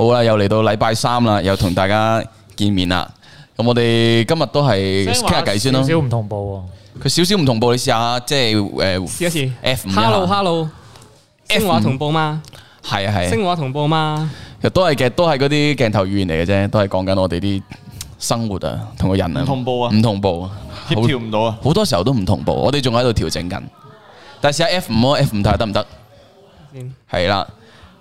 好啦，又嚟到禮拜三啦，又同大家見面啦。咁我哋今日都係傾下偈先咯。少唔同步喎、啊，佢少少唔同步，你試、呃、下即係誒。試一試。F Hello，Hello。聲畫同步嗎？係啊係。聲畫同步嗎？其實都係嘅，都係嗰啲鏡頭語言嚟嘅啫，都係講緊我哋啲生活啊，同個人啊。同步啊。唔同步啊。協調唔到啊。好多時候都唔同步，我哋仲喺度調整緊。但係試下 F 5 F5, F5 睇下得唔得？先、嗯，係啦。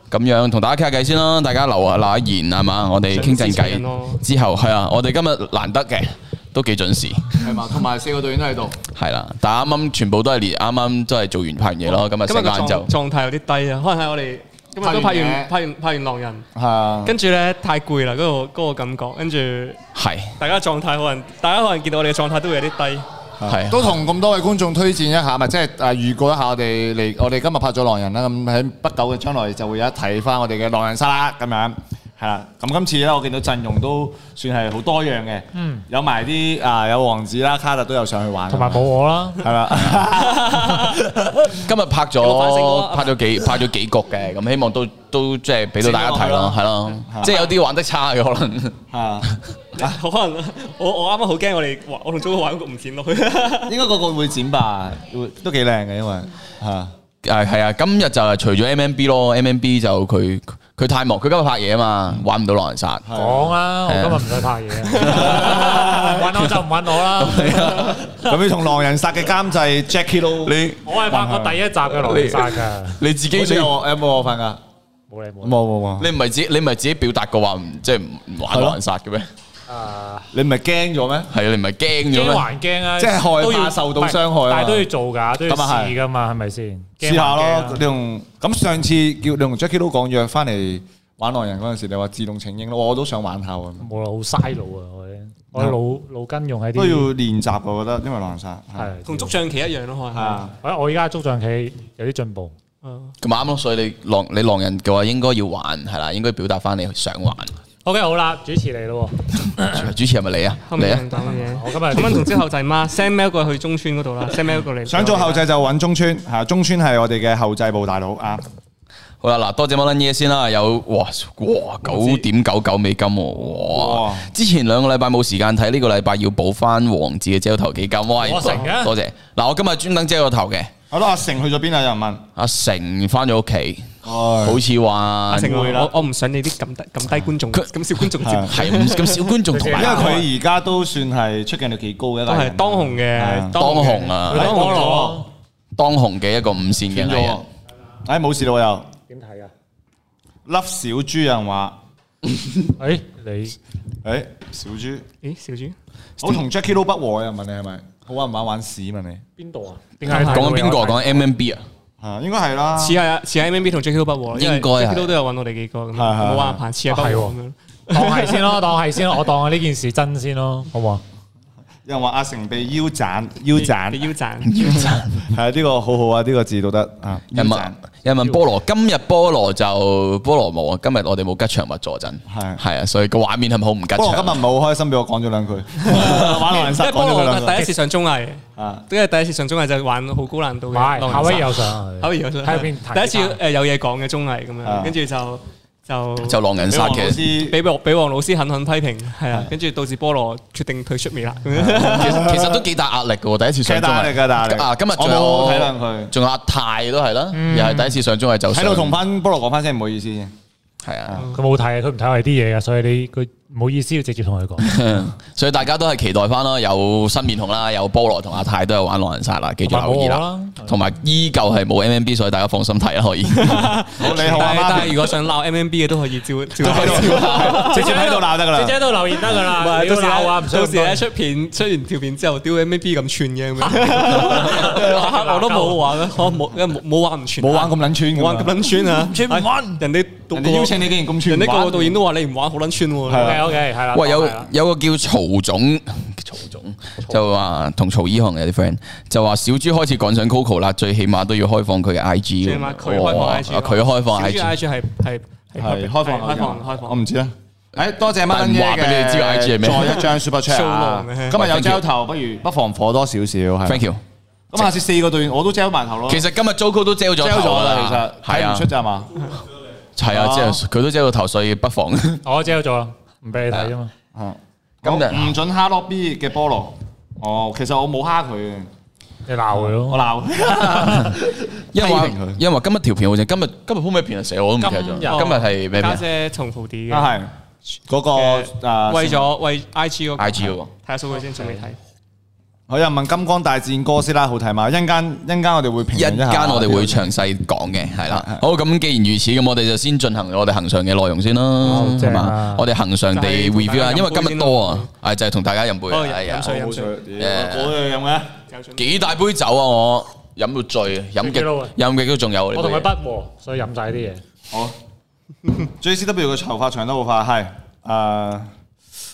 咁樣同大家傾下偈先啦，大家留下留言係嘛，我哋傾陣偈之後，係啊，我哋今日難得嘅，都幾準時。係嘛，同埋四個隊員都喺度。係啦，但啱啱全部都係連啱啱都係做完拍嘢咯，咁啊食晏就狀態有啲低啊。可能係我哋今日都拍完拍完，拍完，拍完拍完狼人，的跟住咧太攰啦，嗰、嗰個、嗰個感覺，跟住係的大家狀態可能，大家可能見到我哋嘅狀態都會有啲低。係，都同咁多位觀眾推薦一下，咪即係預告一下我哋嚟，我哋今日拍咗狼人啦。咁喺不久嘅將來就會有一睇翻我哋嘅狼人殺咁樣，係啦。咁今次咧，我見到陣容都算係好多樣嘅，嗯，有埋啲啊有王子啦，卡特都有上去玩，同埋冇我啦，係啦。今日拍咗拍咗幾拍咗幾局嘅，咁希望都都即係俾到大家睇咯，係咯，即係有啲玩得差嘅可能，啊。啊，可能我我啱啱好驚我哋玩，我同祖哥玩嗰個唔剪落去。應該個個會剪吧，會都幾靚嘅，因為吓誒係啊，今日就係除咗 MMB 咯，MMB 就佢佢太忙，佢今日拍嘢，啊嘛，玩唔到狼人殺。講啊，我今日唔使拍嘢，玩我就唔玩我啦。咁你同狼人殺嘅監製 Jackie 咯，你我係拍過第一集嘅狼人殺噶，你自己選我誒，冇我份噶，冇你冇冇冇，你唔係自你唔係自己表達過話唔即係唔玩狼人殺嘅咩？誒，你唔係驚咗咩？係啊，你唔係驚咗咩？驚還驚啊！即係害怕受到傷害啊！但係都要做噶，都要試噶嘛，係咪先？試下咯，你同咁上次叫你同 Jackie 都講約翻嚟玩狼人嗰陣時，你話自動請纓咯，我都想玩下喎。冇啦，好嘥腦啊！我腦腦筋用喺啲都要練習，我覺得因為狼人殺係同捉象棋一樣咯。吓，我我依家捉象棋有啲進步。咁啱咯，所以你狼你狼人嘅話，應該要玩係啦，應該表達翻你想玩。好嘅，好啦，主持嚟咯，主持係咪你啊，嚟啊 我今日咁樣同後製媽 send mail 過去中村嗰度啦，send mail 過嚟，想做後製就揾中村吓，中村係我哋嘅後製部大佬啊。好啦，嗱，多謝乜撚嘢先啦，有哇哇九點九九美金，哇！之前兩個禮拜冇時間睇，呢個禮拜要補翻王子嘅遮頭基金，成，多謝。嗱，我今日專登遮個頭嘅。係咯，阿成去咗邊啊？有人問。阿成翻咗屋企，好似話。阿成會啦。我唔想你啲咁低咁低觀眾，咁小觀眾接。係咁小觀眾接？因為佢而家都算係出鏡率幾高嘅。係當紅嘅，當紅啊。當紅嘅一個五線嘅藝人。哎，冇事咯，又。粒小豬有人話，誒，你，誒，小豬，誒，小豬，我同 Jackie 都不和啊，問你係咪好玩唔玩玩屎問你？邊度啊？講緊邊個？講緊 M M B 啊？係啊，應該係啦，似係啊，似係 M M B 同 Jackie 都不和，因為 Jackie 都都有搵我哋幾個，冇話排似啊，係喎，當係先咯，當係先咯，我當我呢件事真先咯，好唔好又話阿成被腰斬，腰斬，腰斬，腰斬，係啊，呢個好好啊，呢個字都得啊。人民，人民菠蘿，今日菠蘿就菠蘿冇啊，今日我哋冇吉祥物助陣，係，係啊，所以個畫面係咪好唔吉祥？不過今日唔係好開心，俾我講咗兩句，玩得唔開心。第一次上綜藝，啊，因為第一次上綜藝就玩好高難度嘅，夏威又上，夏威又上，第一次誒有嘢講嘅綜藝咁樣，跟住就。就就狼人殺嘅，俾王俾王老師狠狠批評，係啊，跟住導致菠蘿決定退出未啦。 其實都幾大壓力嘅喎，第一次上綜藝啊，幾大壓力啊！今日仲有仲有，有阿泰都係啦，嗯、又係第一次上綜藝係走輸。喺度同翻菠蘿講翻聲唔好意思，係啊，佢冇睇，佢唔睇我啲嘢啊，所以你佢。唔好意思，要直接同佢講，所以大家都係期待翻咯，有新面孔啦，有菠蘿同阿太都有玩狼人殺啦，記住留意啦，同埋依舊係冇 MMB，所以大家放心睇啦，可以。好你好但係如果想鬧 MMB 嘅都可以照照，佢直接喺度鬧得噶啦，直接喺度留言得噶啦。唔係到時咧，到時出片出完條片之後丟 MMB 咁串嘅，我都冇玩咯，冇冇玩唔串，冇玩咁捻串，咁捻串啊，人哋。人哋邀請你竟然咁串，人哋個導演都話你唔玩好撚串喎。OK OK，係啦。喂，有有個叫曹總，曹總就話同曹爾康有啲 friend，就話小豬開始趕上 Coco 啦，最起碼都要開放佢嘅 IG。最起碼佢開放 IG，佢開放 IG 係開放開放開放。我唔知啦。誒，多謝 Martin 嘅。再一張 super chat。今日有焦頭，不如不妨火多少少。Thank you。咁下次四個隊員我都焦咗埋頭咯。其實今日 Coco 都焦咗，焦咗啦。其實睇唔出咋嘛？係啊，即係佢都知道投，所以不妨。我知道咗，唔俾你睇啊嘛。今日唔准哈洛 B 嘅菠蘿。哦，其實我冇蝦佢嘅，你鬧佢咯。我鬧。批評佢，因為今日條片好似今日今日鋪咩片啊？我都唔記得咗。今日係咩？今日係重複啲嘅。係嗰個誒，為咗為 IG 嘅。IG 嘅，睇下數據先，仲未睇。我又問《金剛大戰哥斯拉》好睇嘛？一陣間一陣間我哋會評，一陣間我哋會詳細講嘅，係啦。好，咁既然如此，咁我哋就先進行我哋恆常嘅內容先啦，係嘛？我哋恆常地 review 啊，因為今日多啊，係就係同大家飲杯，係飲水，飲水。我哋飲咩？幾大杯酒啊！我飲到醉，飲極，飲極都仲有。我同佢不和，所以飲晒啲嘢。好，J C W 嘅頭髮長得好快係啊。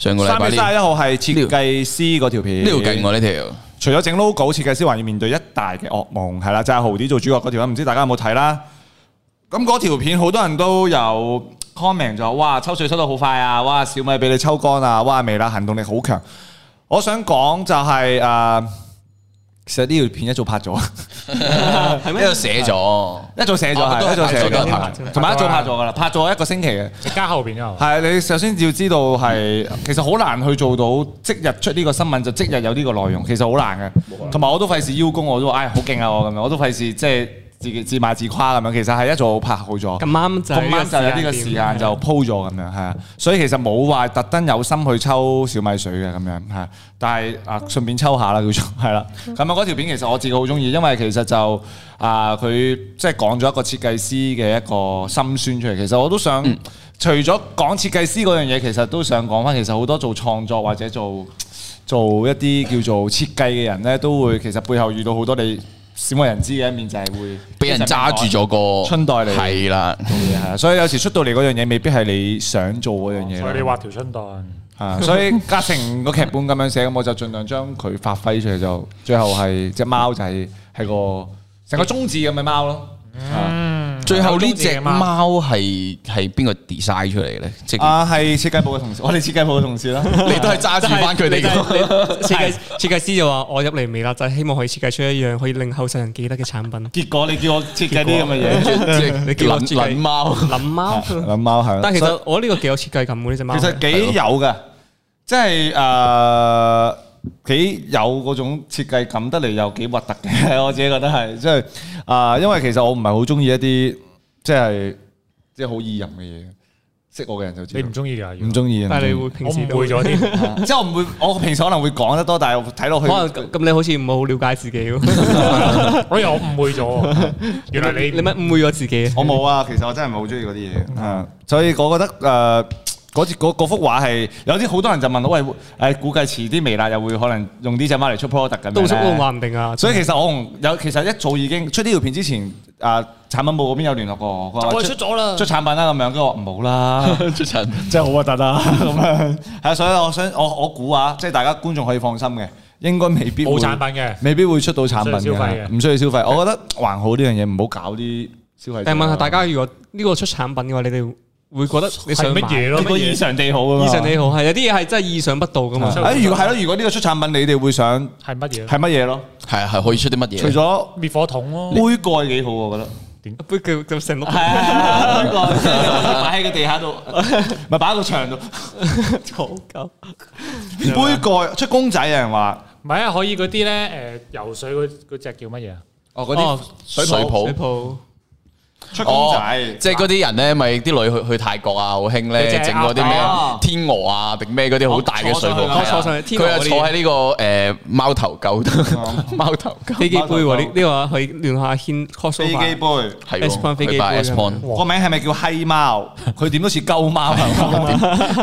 三月三十一號係設計師嗰條片，呢條勁喎呢條。除咗整 logo，設計師還要面對一大嘅噩夢，係啦，就係、是、豪 Dee 做主角嗰條，唔知大家有冇睇啦。咁嗰條片好多人都有 comment 咗，哇，抽水抽得好快啊，哇，小米俾你抽乾啊，哇，未啦，行動力好強。我想講就係、是、誒。呃其實呢條片一早拍咗， 嗎一早寫咗，嗎一早寫咗係，哦、一早寫咗同埋一早拍咗噶啦，拍咗是了一個星期嘅，加後邊嘅。係你首先要知道係，其實好難去做到即日出呢個新聞就即日有呢個內容，其實好難嘅。同埋我都費事邀功，我都唉好勁啊我，咁樣，我都費事即係。自己自賣自誇咁樣，其實係一早拍好咗，咁啱就咁啱就呢個時間就 po 咗咁樣，係啊，所以其實冇話特登有心去抽小米水嘅咁樣，係，但係啊，順便抽下啦叫做，係啦，咁啊嗰條片其實我自己好中意，因為其實就啊佢即係講咗一個設計師嘅一個心酸出嚟，其實我都想、嗯、除咗講設計師嗰樣嘢，其實都想講翻，其實好多做創作或者做做一啲叫做設計嘅人咧，都會其實背後遇到好多你少人知嘅一面就係會俾人揸住咗個春袋嚟，係啦的，做嘢，所以有時出到嚟嗰樣嘢未必係你想做嗰樣嘢。所以你畫條春袋，啊，所以加成個劇本咁樣寫，咁我就盡量將佢發揮出嚟，就最後係隻貓仔、就係，係係個成個中字咁嘅貓咯。嗯最後隻貓呢隻貓係係邊個 design 出嚟咧？啊，係設計部嘅同事，我哋設計部嘅同事啦， 你都係揸住翻佢哋嘅設計。設計師就話：我入嚟微辣，就係、是、希望可以設計出一樣可以令後世人記得嘅產品。結果你叫我設計啲咁嘅嘢，你叫我設計貓，諗貓諗貓係。但其實我呢個幾有設計感嘅呢隻貓。 其實幾有噶，即係誒。Uh, 幾有嗰種設計感得嚟又幾核突嘅，我自己覺得係，即係啊，因為其實我唔係好中意一啲即係即係好意淫嘅嘢，識我嘅人就知。你唔中意㗎，唔中意。但係你會平時我背咗啲，即係我唔會，我平時可能會講得多，但係我睇落去可能咁，你好似唔係好了解自己咯。我又誤會咗，原來你你咩誤會咗自己？我冇啊，其實我真係唔係好中意嗰啲嘢，所以我覺得誒。嗰幅畫係有啲好多人就問到：「喂，誒、呃，估計遲啲微辣，又會可能用呢隻貓嚟出 product 㗎，都話唔定啊。所以其實我有其實一早已經出呢條片之前，誒、啊、產品部嗰邊有聯絡過我，佢話：我出咗啦，出產品啦、啊、咁樣。佢話：唔好啦，出產，真係好核突啊咁樣。係 啊， 所以我想我我估啊，即係大家觀眾可以放心嘅，應該未必冇產品嘅，未必會出到產品嘅，唔需要消費。消費我覺得是還好呢樣嘢，唔好搞啲消費。但係問下大家，如果呢個出產品嘅話，你哋？會覺得你想乜嘢咯？呢個異常地好，異常地好係有啲嘢係真係意想不到噶嘛。哎，如果係咯，如果呢個出產品，你哋會想係乜嘢？係乜嘢咯？係啊，係可以出啲乜嘢？除咗滅火筒咯，杯蓋幾好，我覺得。點杯叫叫成碌？係杯蓋擺喺個地下度，唔係擺喺個牆度。好夠杯蓋出公仔，有人話唔係啊，可以嗰啲咧誒游水嗰嗰隻叫乜嘢啊？哦，嗰啲水泡。出公仔，即係嗰啲人咧，咪啲女去去泰國啊，好興咧，即係整嗰啲咩天鵝啊，定咩嗰啲好大嘅水泡。我坐上，佢係坐喺呢個誒貓頭狗，貓頭。飛機杯呢呢個可以亂下牽 cosplay。飛機杯係，去 buy spawn。個名係咪叫嘿貓？佢點都似鳩貓，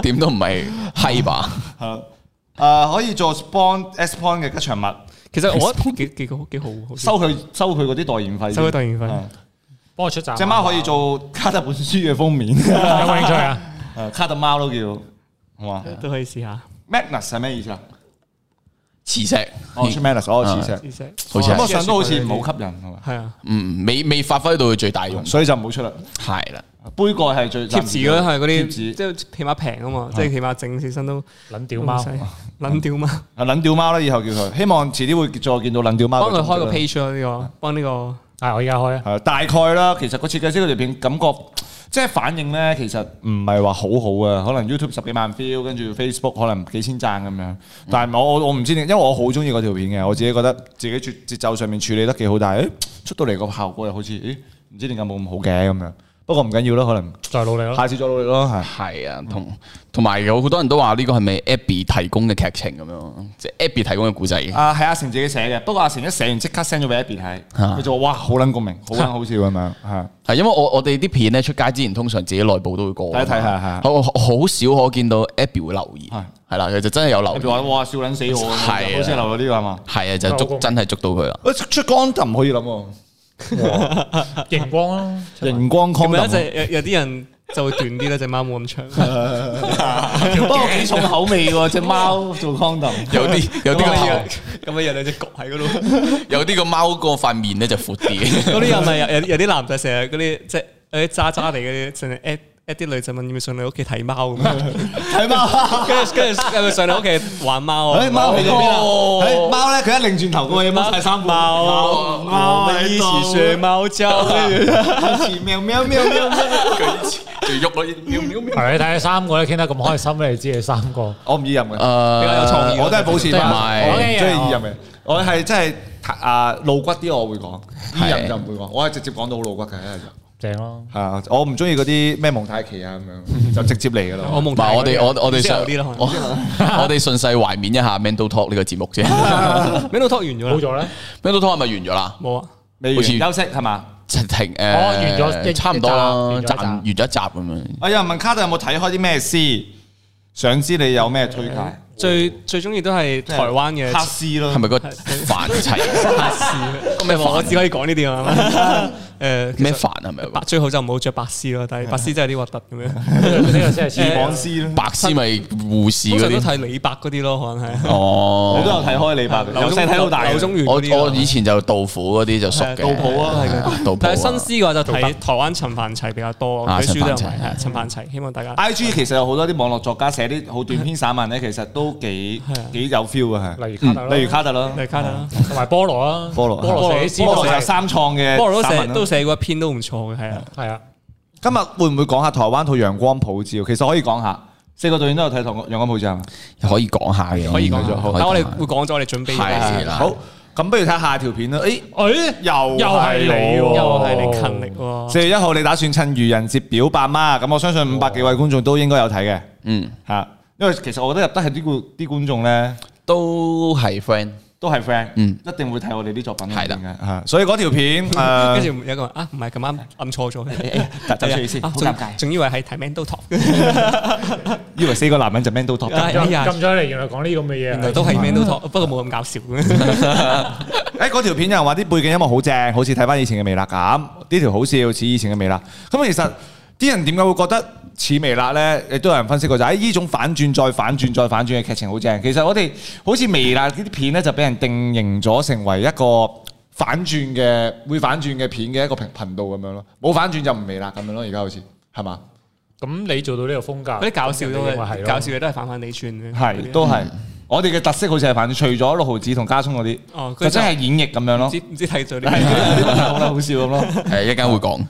點都唔係，嘿吧。誒，可以做 spawn spawn 嘅吉祥物。其實我覺得都幾幾好幾好，收佢收佢嗰啲代言費，收佢代言費。幫我出隻貓可以做《卡特》本書嘅封面，有冇興趣啊？誒，《卡特》貓都叫，好嘛？都可以試下。Magnet 係咩意思啊？磁石，Magnet 哦，磁石。磁石。好多上都好似唔好吸引，係嘛？係啊。嗯，未未發揮到佢最大用，所以就唔好出啦。係啦，杯蓋係最 Tips 嘅，係嗰啲，即係起碼平啊嘛，即係起碼整起身都撚掉貓，撚掉貓。啊，撚掉貓咧，以後叫佢。希望遲啲會再見到撚掉貓。幫佢開個 page 咯，呢個，幫呢個。係，我而家開啊。係大概啦，其實個設計師佢條片感覺，即係反應咧，其實唔係話好好啊。可能 YouTube 十幾萬 view，跟住 Facebook 可能幾千讚咁樣。但係我我唔知點，因為我好中意嗰條片嘅，我自己覺得自己節節奏上面處理得幾好，但係誒、欸、出到嚟個效果又好似，誒、欸、唔知點解冇咁好嘅咁樣。不過唔緊要啦，可能再努力咯，下次再努力咯，係係啊，同同埋有好多人都話呢個係咪 Abby 提供嘅劇情咁樣，即係 Abby 提供嘅故仔嘅。啊，係阿成自己寫嘅，不過阿成一寫完即刻 send 咗俾 Abby 睇，佢就話哇好撚共鳴，好撚好笑咁樣，係係因為我我哋啲片咧出街之前通常自己內部都會過睇一睇，係係好少可見到 Abby 會留意，係係啦，佢就真係有留意，話哇笑撚死我，係好似留咗啲啊嘛，係啊就捉真係捉到佢啦，出光就唔可以諗。熒光啦，熒光咁啊，有啲人就會短啲咧，隻貓冇咁長。條貓幾重口味喎，隻貓做 condom。有啲有啲咁樣，咁啊有兩隻焗喺嗰度。有啲個貓個塊面咧就闊啲。嗰啲又咪有有啲男仔成日嗰啲即係嗰啲渣渣嚟嗰啲，成日一啲女仔問：要唔要上你屋企睇貓咁啊？睇貓，跟住跟住，係咪上你屋企玩貓啊？貓喺邊啊？貓咧，佢一擰轉頭咁啊！貓係三個貓，貓，貓，我們一起睡貓覺，一起喵喵喵喵喵，佢一起，就喐咗一喵喵喵。你睇下三個咧，傾得咁開心，你知係三個。我唔二人嘅，比較有創意。我都係保持同埋中意二人嘅。我係真係阿露骨啲，我會講二人就唔會講。我係直接講到好露骨嘅一個人。正咯，係啊！我唔中意嗰啲咩蒙太奇啊，咁樣就直接嚟噶啦。我蒙唔係我哋我我哋啲咯，我哋順勢懷緬一下《Mental Talk》呢個節目啫。Mental Talk 完咗啦，冇咗啦。Mental Talk 係咪完咗啦？冇啊，好似休息係嘛？即停誒，我完咗，差唔多啦，暫完咗一集咁樣。哎呀，問卡特有冇睇開啲咩書，想知你有咩推介？最最中意都係台灣嘅黑書咯。係咪個繁體黑書？咁你話我只可以講呢啲啊？誒咩煩啊？係咪最好就唔好着白絲咯，但係白絲真係啲核突咁樣。魚網絲咯，白絲咪護士嗰啲。我睇李白嗰啲咯，可能係。哦，我都有睇開李白。由細睇到大。柳宗元嗰啲。我以前就杜甫嗰啲就熟嘅。杜甫啊，係嘅。但係新詩嘅話就睇台灣陳凡齊比較多。啊，陳凡齊係陳凡齊，希望大家。I G 其實有好多啲網絡作家寫啲好短篇散文咧，其實都幾幾有 feel 嘅係。例如卡特咯。例如卡特咯。例如卡特。同埋菠蘿啊。菠蘿。菠蘿寫詩。菠蘿係三創嘅。菠蘿寫都。寫嗰篇都唔錯嘅，係啊，係啊。今日會唔會講下台灣套《陽光普照》？其實可以講下，四個導演都有睇《台灣陽光普照》的可以講下嘅。可以講咗，好。我哋會講咗，我哋準備。係啦，好。咁不如睇下條片啦。誒、哎，誒、哎，又你、哦、又係你，又係你勤力、哦。四月一號，你打算趁愚人節表白嗎？咁我相信五百幾位觀眾都應該有睇嘅。嗯、哦，吓，因為其實我覺得入得係啲顧啲觀眾咧，都係 friend。一般都係 friend，嗯，一定會睇我哋啲作品嚟嘅，嗯、所以嗰條片，跟住 有一個啊，唔係咁啱暗錯咗，走錯意思，好尷尬，仲、啊、以為係睇《Man Do Talk》，以為四個男人就《Man Do Talk》，撳咗嚟，原來講呢咁嘅嘢，原來都係《Man Do Talk》，不過冇咁搞笑。誒， 嗰 條樂 片有人話啲背景音樂好正，好似睇翻以前嘅《微辣》咁，呢條好笑，似以前嘅《微辣》。咁其實啲人點解會覺得？似微辣咧，亦都有人分析過就係呢種反轉再反轉再反轉嘅劇情好正。其實我哋好似微辣呢啲片咧，就俾人定型咗成為一個反轉嘅會反轉嘅片嘅一個頻道咁樣咯。冇反轉就唔微辣咁樣咯。而家好似係咪？咁你做到呢個風格，嗰啲搞笑都係搞笑嘅，都係反反你串嘅，都係、嗯。我哋嘅特色好似係，反正除咗六毫子同加冲嗰啲，就，就真係演繹咁樣咯。唔知睇咗啲，有得 好笑咁咯。係 一間會講。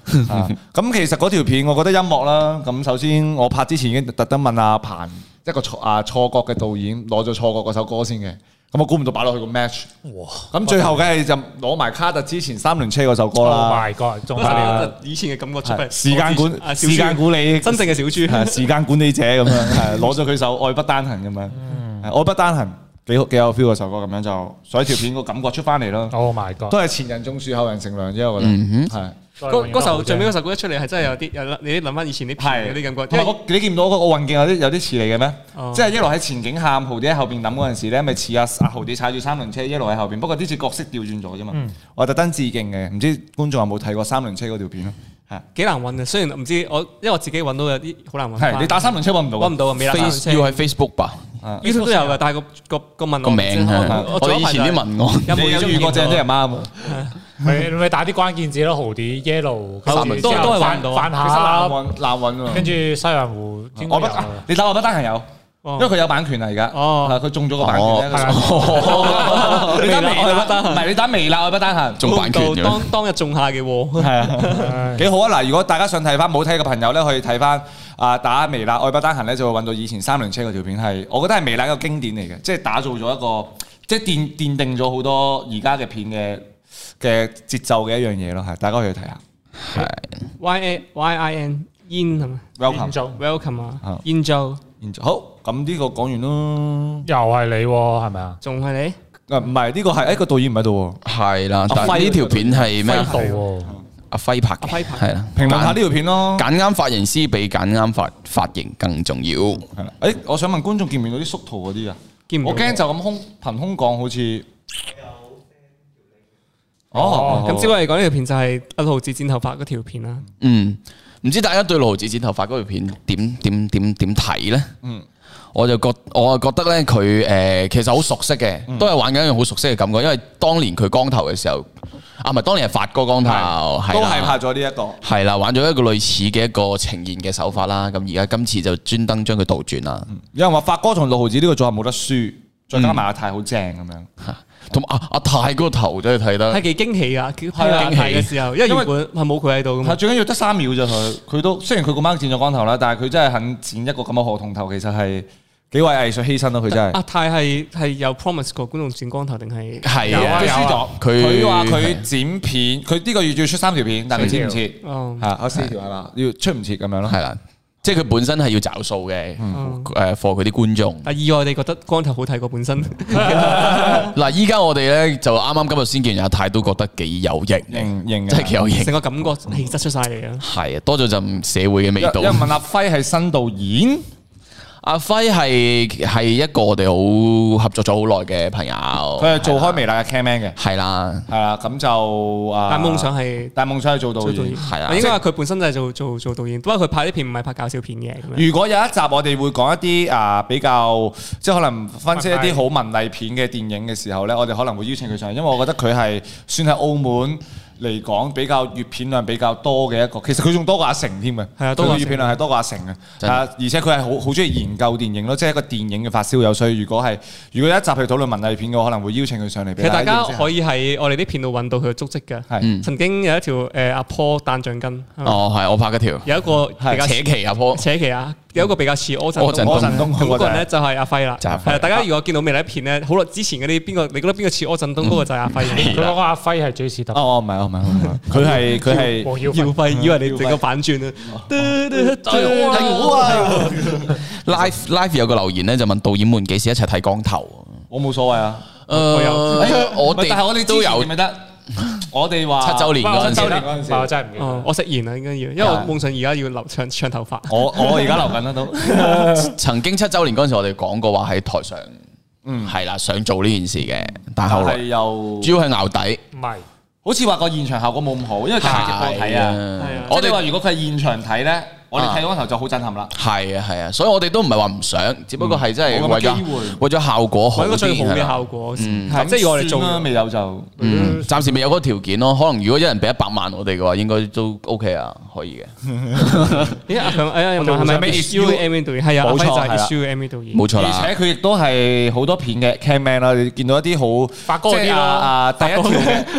咁 其實嗰條片，我覺得音樂啦。咁首先我拍之前已經特登問阿彭一個錯啊錯覺嘅導演攞咗錯覺嗰首歌先嘅。咁我估唔到擺落去個 match，咁哇最後梗係就攞埋卡特之前三輪車嗰首歌啦，oh、my god，以前嘅感覺出嚟，時間管，時間管理，真正嘅小豬豬吓，時間管理者咁樣，係攞咗佢首愛不單行咁樣、 嗯，愛不單行，幾好幾有 feel 嗰首歌，咁樣就所以條片個感覺出翻嚟咯，哦、oh、my god，都係前人種樹後人乘涼啫我覺得，係、mm。Hmm. 嗰嗰時候最尾嗰首歌一出嚟係真係有啲有你諗翻以前啲片嗰啲感覺，因為我你見唔到嗰個運鏡有啲有啲似你嘅咩，即係一路喺前景喊豪仔，喺後邊諗嗰陣時咧，咪似阿阿豪仔踩住三輪車一路喺後邊。不過呢次角色調轉咗啫嘛。我特登致敬嘅，唔知觀眾有冇睇過三輪車嗰條片咯？係幾難揾嘅，雖然唔知我因為我自己揾到有啲好難揾。你打三輪車揾唔到？揾唔到啊！美要喺 Facebook 吧？Facebook 都有嘅，但係個個個問名我以前啲文案，你中意個正姐阿媽喎？你咪打啲關鍵字咯，豪啲 Yellow，都都係玩到，泛下難揾，跟住西環湖。你打愛不單行有，因為佢有版權啊而家。哦，佢中咗個版權。你打愛不單行，唔係你打微辣愛不單行，中版權。當當日中下嘅喎，係啊，幾好啊！嗱，如果大家想睇翻冇睇嘅朋友咧，可以睇翻啊，打微辣愛不單行咧，就會揾到以前三輪車嘅條片，係我覺得係微辣一個經典嚟嘅，即係打造咗一個，即係奠定咗好多而家嘅片嘅。嘅節奏嘅一樣嘢咯，係大家可以去睇下。係 Y A Y I N 煙係咪？Welcome，Welcome 啊 e 好。咁呢個講完咯，又係你係咪啊？仲係你？唔係呢個係呢個導演唔喺度。係啦，但係呢條片係咩？阿輝拍嘅，係啦。評論下呢條片咯，揀啱髮型師比揀啱髮髮型更重要。係啦。誒，我想問觀眾見唔見到嗰啲縮圖嗰啲啊，見唔見到？我驚就咁空憑空講好似。哦，咁只話嚟講呢條片就係六毫子剪頭髮嗰條片啦。嗯，唔知大家對六毫子剪頭髮嗰條片點點點點睇咧？呢嗯，我，我就覺我啊，覺得咧佢誒，其實好熟悉嘅，嗯、都係玩緊一樣好熟悉嘅感覺。因為當年佢光頭嘅時候，啊唔係當年係發哥光頭，都係拍咗呢一個。係啦、啊，玩咗一個類似嘅一個呈現嘅手法啦。咁而家今次就專登將佢倒轉啦。有人話發哥同六毫子呢個組合冇得輸，再加埋阿太好正咁樣。同阿阿泰嗰個頭真係睇得，係幾驚喜㗎，幾驚喜嘅時候，因為原本係冇佢喺度。但最緊要得三秒啫，佢佢都雖然佢個媽剪咗光頭啦，但係佢真係肯剪一個咁嘅河童頭，其實係幾位藝術犧牲咯，佢真係。阿泰係係有 promise 過觀眾剪光頭定係？係的啊，有佢話佢剪片，佢呢的個月仲要出三條片，的但係剪唔切？哦，係我四條啦，要出唔切咁樣咯，係啦。即係佢本身係要找數嘅，誒 for 佢啲觀眾。啊，意外地覺得光頭好睇過本身 嗱，依家我哋咧就啱啱今日先見阿泰都覺得幾有型，型的真係幾有型，成個感覺氣質出晒嚟啊！係啊，多咗陣社會嘅味道。又問 阿輝係新導演。阿輝係係一個我哋好合作咗好耐嘅朋友，佢係做開微辣嘅 caman 嘅，係啦的，係啦的，咁就啊，但夢想係但夢想係做導演。係啊，應該話佢本身就係做做做導演，的導演，不過佢拍啲片唔係拍搞笑片嘅。如果有一集我哋會講一啲啊比較即係可能分析一啲好文藝片嘅電影嘅時候咧，我哋可能會邀請佢上，因為我覺得佢係算係澳門嚟講比較閲片量比較多嘅一個，其實佢仲多過阿成添嘅，佢閱片量係多過阿成嘅。啊，的而且佢係好好中意研究電影咯，即係一個電影嘅發燒友。所以如果係如果一集去討論文藝片嘅，可能會邀請佢上嚟。其實大家可以喺我哋啲片度揾到佢嘅足跡嘅。係是、嗯、曾經有一條誒阿坡彈槓筋。呃、哦，係我拍嗰條。有一個係是扯旗阿坡，扯旗啊！有一個比較似柯震柯震東，嗰個人咧就係阿輝啦。係大家如果見到未睇片咧，好啦，之前嗰啲邊個你覺得邊個似柯震東嗰個就係阿輝。我話阿輝係最似特。哦，唔係唔係唔係，佢係佢係姚輝，以為你直咁反轉啊。係我啊。Life Life 有個留言咧，就問導演們幾時一齊睇光頭。我冇所謂啊。誒，我但係我哋都有咪得。我哋話七周年嗰陣時，候時候，我真係唔記得、哦、我食鹽啊，應該要，因為我夢想而家要留長長頭髮。我我而家留緊啊都。 曾經七周年嗰陣時，我哋講過話喺台上，嗯係啦、啊，想做呢件事嘅，但係後來又主要係拗底，唔係是，好似話個現場效果冇咁好，因為太直播啊。我哋話如果佢係現場睇咧。我哋睇嗰時候就好震撼啦，係啊係啊，所以我哋都唔係話唔想，只不過係真係為咗為咗效果好，一個最好嘅效果，嗯，即係我哋做啊，未有就，嗯，暫時未有嗰個條件咯。可能如果一人俾一百萬我哋嘅話，應該都 OK 啊，可以嘅。依家阿阿唔係咩？U M V 導演係啊，阿輝就 U M V 導演，冇錯，而且佢亦都係好多片嘅 cameraman 啦，你見到一啲好發哥啲咯，啊第一條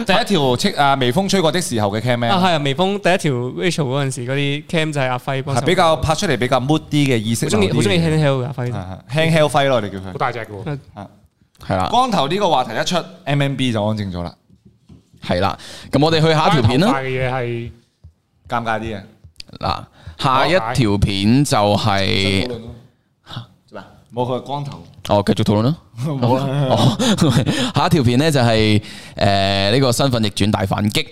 第一條清啊微風吹過的時候嘅 cameraman 啊係啊微風第一條 Rachel 嗰陣時嗰啲 cam 就係阿輝。比較拍出嚟比較 mood 啲嘅意識，好中意好中意 Hang Hell 輝 h 咯，你叫佢好大隻嘅，係啦。光頭呢個話題一出，M M B 就安靜咗啦。係啦，咁我哋去下一條片啦。嘅嘢係尷尬啲嘅。嗱，下一條片就係做咩？冇佢光頭。哦，繼續討論咯。冇啦。下一條片咧就係誒呢個身份逆轉大反擊，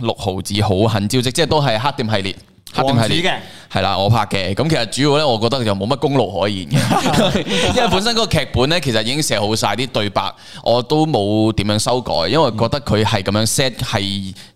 六毫子好狠招式，即係都係黑店系列。拍定係你嘅，係啦，我拍嘅。咁其實主要咧，我覺得就冇乜功勞可言，因為本身嗰個劇本咧，其實已經寫好晒啲對白，我都冇點樣修改，因為覺得佢係咁樣 set，係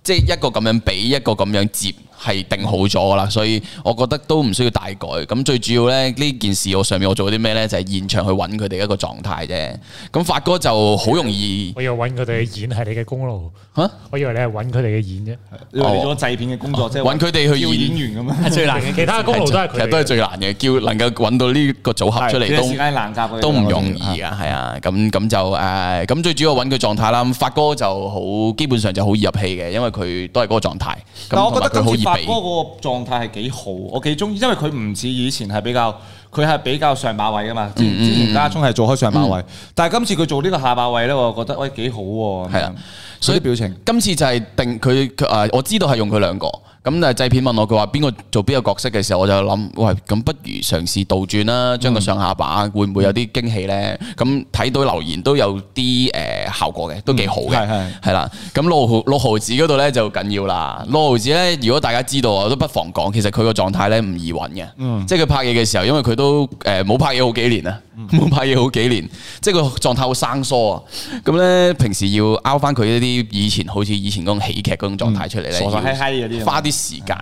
即係一個咁樣畀，一個咁樣接。係定好咗噶啦，所以我覺得都唔需要大改。咁最主要咧，呢件事我上面我做啲咩咧，就係現場去揾佢哋一個狀態啫。咁發哥就好容易，我要揾佢哋演係你嘅功勞嚇，我以為你係揾佢哋嘅演啫，因為做製片嘅工作即係揾佢哋去演演員咁啊，最難嘅其他功勞都係其實都係最難嘅，叫能夠揾到呢個組合出嚟都時間難夾，都唔容易噶，係啊，咁咁就誒，咁最主要揾佢狀態啦。發哥就好基本上就好易入戲嘅，因為佢都係嗰個狀態。咁我覺得咁易。阿哥嗰個狀態係幾好，我幾中意，因為佢唔似以前係比較，佢係比較上馬位啊嘛。嗯、之前家中係做開上馬位，嗯、但係今次佢做呢個下馬位咧，我覺得喂幾、哎、好係啊，所以表情今次就係定佢佢啊，我知道係用佢兩個。咁啊！製片問我佢話邊個做邊個角色嘅時候，我就諗，喂，咁不如嘗試倒轉啦，將個上下把，會唔會有啲驚喜咧？咁睇、嗯、到留言都有啲誒、呃、效果嘅，都幾好嘅，係係啦。咁六六毫子嗰度咧就緊要啦。六毫子咧，如果大家知道啊，我都不妨講，其實佢個狀態咧唔易搵嘅，即係佢拍嘢嘅時候，因為佢都誒冇、呃、拍嘢好幾年啦。冇拍嘢好幾年，即係個狀態好生疏啊！咁咧平時要拗翻佢一啲以前好似以前嗰種喜劇嗰種狀態出嚟咧，嗯、花啲時間。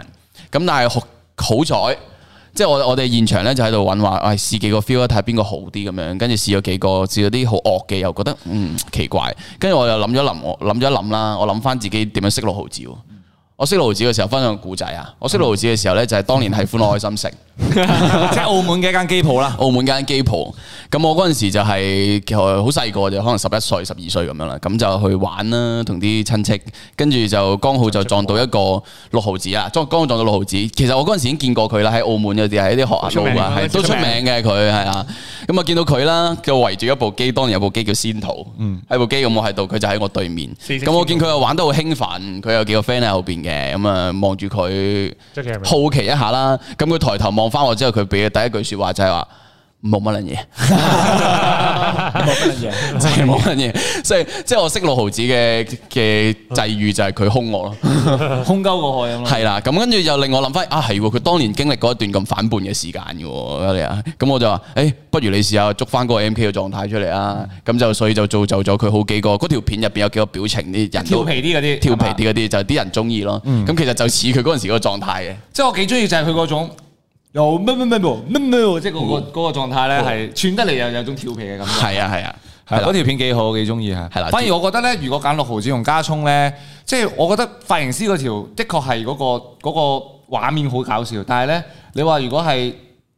咁、嗯、但係好、嗯、好彩，即係我我哋現場咧就喺度揾話，我試幾個 feel 睇下邊個好啲咁樣，跟住試咗幾個，試咗啲好惡嘅又覺得嗯奇怪，跟住我又諗咗諗，諗咗諗啦，我諗翻自己點樣識落猴子。我識六毫子嘅時候，分享個故仔啊！我識六毫子嘅時候咧，就係當年係歡樂開心食，即係澳門嘅一間機鋪啦。澳門間機鋪，咁我嗰陣時就係，好細個就可能十一歲、十二歲咁樣啦，咁就去玩啦，同啲親戚，跟住就剛好就撞到一個六毫子啊！撞，剛好撞到六毫子。其實我嗰陣時已經見過佢啦，喺澳門有啲學校度啊，都出名嘅佢係啊。咁啊見到佢啦，就圍住一部機，當年有部機叫仙桃，嗯，部機咁我喺度，佢就喺我對面。咁、嗯、我見佢又玩得好興奮，佢有幾個 friend 喺後邊。嘅咁啊，望住佢好奇一下啦。咁佢抬頭望翻我之後，佢俾嘅第一句說話就係話。冇乜嘢，冇乜嘢，冇乜嘢，所以即係、就是、我識六毫子嘅嘅際遇就係佢兇我咯，兇鳩個海咁咯。係啦，咁跟住又令我諗翻啊，係佢當年經歷過一段咁反叛嘅時間嘅，阿咁我就話，誒、欸，不如你試下捉翻個 MK 嘅狀態出嚟啊，咁就所以就造就咗佢好幾個嗰條片入邊有幾個表情啲人調皮啲嗰啲，調皮啲嗰啲就啲人中意咯。咁其實就似佢嗰陣時個狀態嘅，即係、嗯、我幾中意就係佢嗰種。又即係嗰個嗰個狀態咧，係串得嚟又有種調皮嘅感覺。係啊係啊，係啦、啊，嗰、啊、條片幾好，幾中意吓。係啦，反而我覺得咧，如果揀六毫子用加蔥咧，即、就、係、是、我覺得髮型師嗰條，的確係嗰、那個嗰、那個、畫面好搞笑。但係咧，你話如果係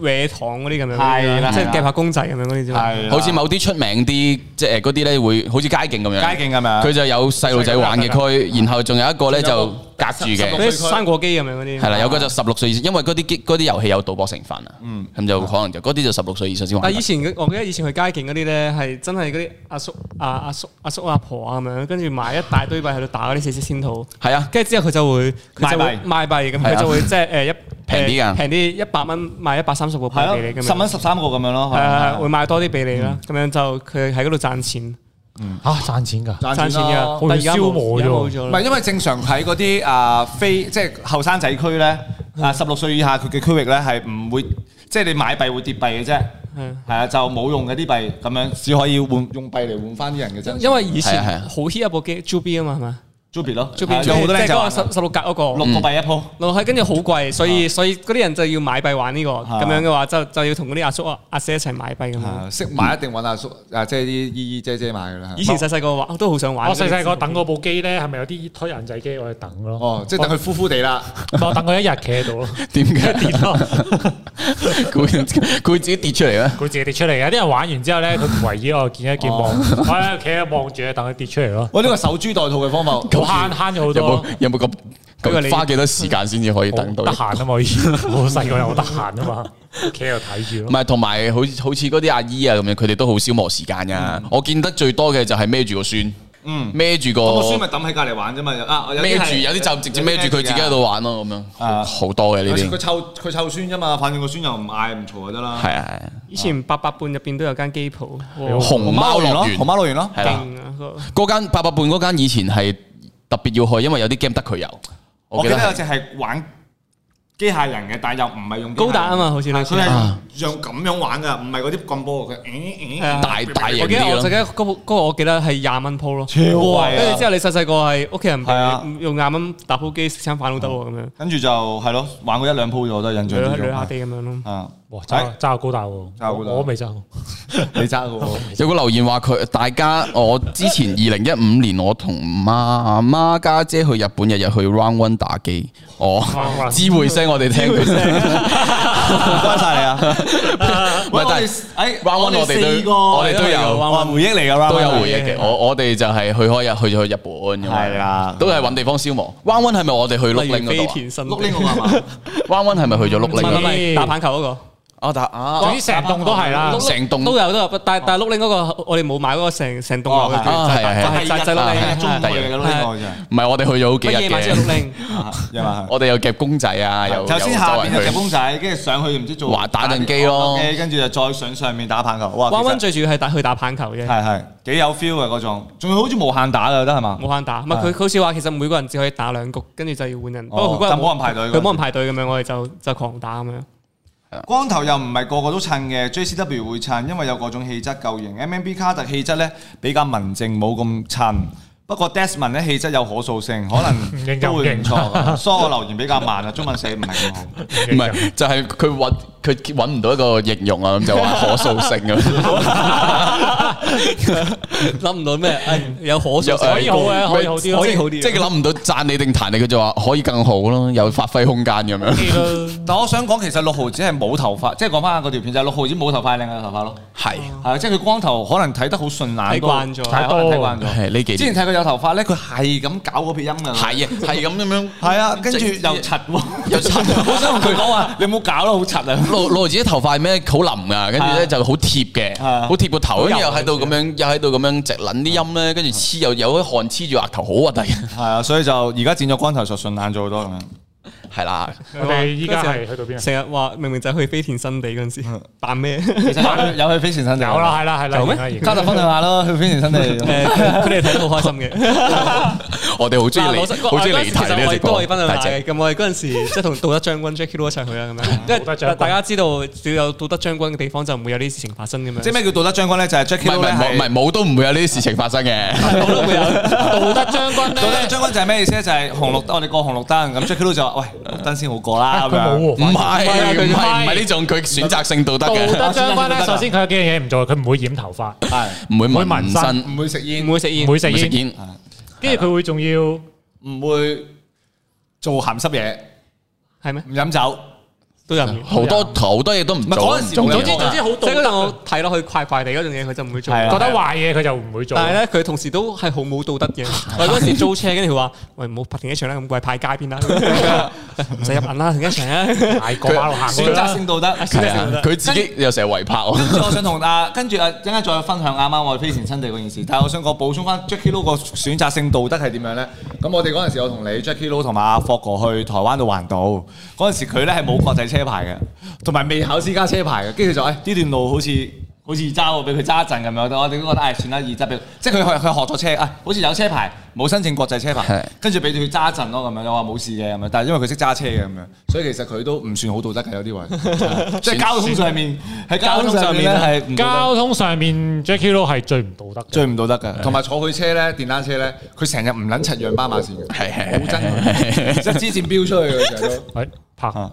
玩糖嗰啲咁樣，啦即係夾下公仔咁樣啦好似某啲出名啲，即係嗰啲會好似街景咁樣。街景係咪啊？佢就有細路仔玩嘅區，然後仲有一個呢對就。隔住嘅，嗰啲生果機咁樣嗰啲，係啦，有個就十六歲，歲，因為嗰啲啲遊戲有賭博成分啊，咁就可能就嗰啲就十六歲以上先玩。但以前，我記得以前去街景嗰啲咧，係真係嗰啲阿叔、阿阿叔、阿叔阿婆啊咁樣，跟住買一大堆幣喺度打嗰啲四色仙桃。係啊，、嗯、啊，跟住之後佢就會賣幣賣咁，佢就會即係誒一平啲嘅，平啲一百蚊賣一百三十個幣俾你，十蚊十三個咁樣咯，係啊，會賣多啲俾你啦，咁、嗯、樣就佢喺嗰度賺錢。嗯嚇、啊、賺錢㗎賺錢㗎、啊，但係燒冇咗。唔係因為正常喺嗰啲啊非，即係後生仔區咧，啊十六歲以下佢嘅區域咧係唔會，即係你買幣會跌幣嘅啫。係的啊，就冇用嗰啲幣咁樣，只可以換、嗯、用幣嚟換翻啲人嘅啫。因為以前好 hit 一部機 Juby 啊嘛，係嘛的？的 Juby 咯，仲有好多即係嗰個十六格嗰個，六個幣一鋪，六係跟住好貴，所以所以嗰啲人就要買幣玩呢個，咁樣嘅話就就要同嗰啲阿叔啊阿姐一齊買幣咁樣。識買一定搵阿叔，啊即係啲姨姨姐姐買噶啦。以前細細個話都好想玩。我細細個等嗰部機咧，係咪有啲推人仔機我去等咯？哦，即係等佢呼呼地啦，我等佢一日企喺度咯。點解跌啊？佢佢自己跌出嚟咧？佢自己跌出嚟有啲人玩完之後咧，佢唔為意。我見一見望，我喺企啊望住等佢跌出嚟咯。我呢個守株待兔嘅方法。慳慳咗好多，有冇咁冇咁咁，你花幾多時間先至可以等到？得閒啊嘛，以前我細個又好得閒啊嘛，企又睇住咯。唔係，同埋好好似嗰啲阿姨啊咁樣，佢哋都好消磨時間呀。我見得最多嘅就係孭住個孫，嗯，孭住個個孫咪抌喺隔籬玩啫嘛。孭住有啲就直接孭住佢自己喺度玩咯，咁樣好多嘅呢啲。佢湊佢湊孫啫嘛，反正個孫又唔嗌唔嘈就得啦。係啊，係啊。以前八佰伴入邊都有間機鋪，熊貓樂園，熊貓樂園咯，係咯。嗰間八佰伴嗰間以前係。特別要去，因為有啲 game 得佢有。我記得，我記得有隻係玩機械人嘅，但係又唔係用高達啊嘛，好似佢係用咁樣玩嘅，唔係嗰啲鋼波。佢、嗯啊嗯、大大型啲咯，我記得嗰、嗰個嗰、嗰個我記得係廿蚊鋪咯，超貴啊！跟住、啊、之後你細細個係屋企人俾你、啊、用廿蚊打鋪機食餐飯都得喎，咁、嗯、樣。跟住就係咯，玩過一兩鋪咗，我都印象。兩下地咁樣咯。哇！揸揸高大喎，我未揸，你揸過。有個留言話佢，大家我之前二零一五年，我同媽媽家姐去日本日日去 run one 打機，哦，知回聲我哋聽，唔關晒你啊！喂，但係誒，run one 我哋都我哋都有回憶嚟噶，都有回憶嘅。我我哋就係去開日去咗去日本咁樣，係啊，都係搵地方消磨。run one 係咪我哋去六零嗰度啊？六零我話嘛，run one 係咪去咗六零嗰度打棒球嗰個？哦，但啊，總之成棟都係啦，成棟都有都有，但但碌檸嗰個我哋冇買嗰個成成棟落去，就係就係碌檸中底嘅咯。唔係，我哋去咗好幾日我哋有夾公仔啊，有。頭先下邊又夾公仔，跟住上去唔知做打打緊機咯，跟住就再上上面打棒球。哇，最最主要係打去打棒球嘅，係幾有 feel 嘅嗰種，仲要好似無限打嘅，得係嘛？無限打，佢好似話其實每個人只可以打兩局，跟住就要換人。但冇人排隊，佢冇人排隊咁樣，我哋就就狂打咁樣。光頭又唔係個個都襯嘅，JCW 會襯，因為有各種氣質夠型。MMB 卡特氣質呢，比較文靜，冇咁襯。不過 Desmond 呢，氣質有可塑性，可能都會唔錯。所以我留言比較慢啊，中文寫唔係咁好，唔係 就係、是、佢佢揾唔到一個形容啊，咁就話可塑性啊，諗唔到咩？有可塑性可以好啊，可以好啲，即係佢諗唔到讚你定彈你，佢就話可以更好咯，有發揮空間咁樣。但我想講，其實六毫子係冇頭髮，即係講翻個條片就六毫子冇頭髮，係另外一個頭髮咯。係即係佢光頭可能睇得好順眼，睇慣咗，之前睇佢有頭髮咧，佢係咁搞嗰撇音啊。係啊，係咁咁樣，係啊，跟住又柒喎，又柒，好想同佢講話，你冇搞咯，好柒啊！露露自己頭髮係咩好腍㗎，跟住咧就好貼嘅，好是、啊、貼個頭，跟住又喺度咁樣，是啊、又喺度咁樣直撚啲音咧，跟住黐又有啲汗黐住，額頭好核突。係啊，所以就而家剪咗光頭就順眼咗好多咁。是啊嗯係啦，我哋依家係去到邊？成日話明明就去飛田新地嗰陣時，扮咩？其實有去飛田新地？有啦，係啦，係啦。有咩？卡特分享下啦，去飛田新地。佢哋睇得好開心嘅。我哋好中意離，好中意離題呢個直播。咁我哋嗰陣時即係同道德將軍 Jacky Lu 一齊去啊咁樣。即係大家知道只要有道德將軍嘅地方就唔會有呢啲事情發生咁樣。即係咩叫道德將軍咧？就係 Jacky Lu 唔係冇都唔會有呢啲事情發生嘅。冇都會有道德將軍咧。道德將軍就係咩意思咧？就係紅綠燈，我哋過紅綠燈咁，Jacky Lu 就話喂。等先好過啦，佢冇喎，唔係唔係唔係呢種，佢選擇性道德嘅。道德相關咧，首先佢有幾樣嘢唔做，佢唔會染頭髮，係唔會紋身，唔會食煙，唔會食煙，唔會食煙。跟住佢會仲要唔會做鹹濕嘢，係咩？唔飲酒。都入好多好多嘢都唔做，總之總之好道德。即係我睇落去怪怪地嗰種嘢，佢就唔會做。覺得壞嘢佢就唔會做。但係咧，佢同時都係好冇道德嘅。我嗰陣時租車，跟住佢話：喂，唔好泊停車場啦，咁貴，派街邊啦，唔使入銀啦，停車場啦，大過馬路行啦。選擇性道德。佢自己又成日違泊，跟住我想同阿，跟住啊，陣間再分享啱啱我非常親地嗰件事。但係我想講補充翻 Jacky Lou 個選擇性道德係點樣咧？咁我哋嗰陣時我同你 Jacky Lou 同埋阿霍哥去台灣度環島嗰陣時，佢咧係冇國際車車牌嘅，同埋未考私家車牌嘅，跟住就喺呢段路好似好似揸，俾佢揸一陣咁樣，我哋都覺得算啦，二則俾，即係佢去佢學咗車，啊，好似有車牌，冇申請國際車牌，跟住俾佢揸一陣咯，咁樣我話冇事嘅，係咪？但係因為佢識揸車嘅咁樣，所以其實佢都唔算好道德嘅，有啲位，即係交通上面喺交通上面係交通上面，Jacky Lo 係最唔道德，最唔道德嘅，同埋坐佢車咧，電單車咧，佢成日唔捻柒讓斑馬線，係係，好真，一支箭飆出去嘅就係咯，拍下。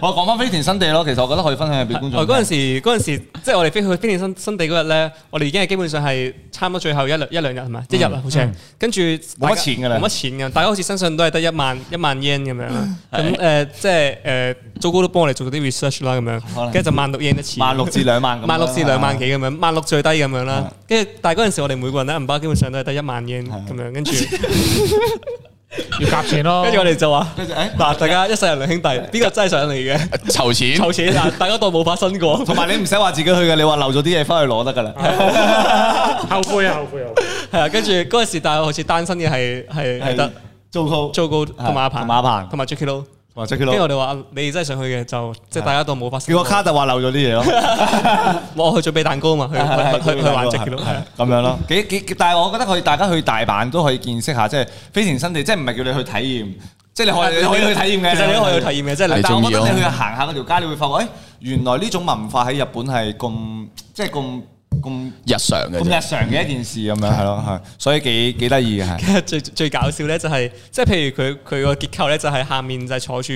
我講翻飛田新地咯，其實我覺得可以分享下俾觀眾。嗰陣時，陣時即係我哋飛去飛田新新地嗰日咧，我哋已經係基本上係差唔多最後一兩一兩日係嘛，一日啦，好似，跟住冇乜錢噶啦，冇乜錢噶，大家好似身上都係得一萬一萬 yen 咁樣。咁誒，即係誒，糟糕都幫我哋做咗啲 research 啦，咁樣，跟住就萬六 yen 一次，萬六至兩萬，萬六至兩萬幾咁樣，萬六最低咁樣啦。跟住，但係嗰陣時我哋每個人咧，銀包基本上都係得一萬 yen 咁樣，跟住。要夾錢咯，跟住我哋就話，嗱，大家一世人兩兄弟，邊個真係上嚟嘅？籌錢，籌錢，嗱，大家當冇發生過，同埋你唔使話自己去嘅，你話留咗啲嘢翻去攞得噶啦，後悔啊，後悔啊，係啊，跟住嗰時大家好似單身嘅係係係得，糟糕，糟糕同埋阿鵬同埋 J K 咯。跟住我哋話：你真係上去嘅，就即係大家都冇發生。結果卡特話漏咗啲嘢咯，我 去準備蛋糕嘛，去去玩積極咯，咁樣咯。幾幾，但係我覺得可以，大家去大阪都可以見識下，即係非常新地，即係唔係叫你去體驗，即係你可以可以去體驗嘅，你，其實你可以去體驗嘅。即係，但係我覺得你去行下嗰條街，你會發覺，哎，原來呢種文化喺日本係咁，即係咁。咁日常嘅，咁日常嘅一件事咁樣係咯，係，所以幾幾得意係。其實最最搞笑咧就係，即係譬如佢佢個結構咧就係下面就係坐住，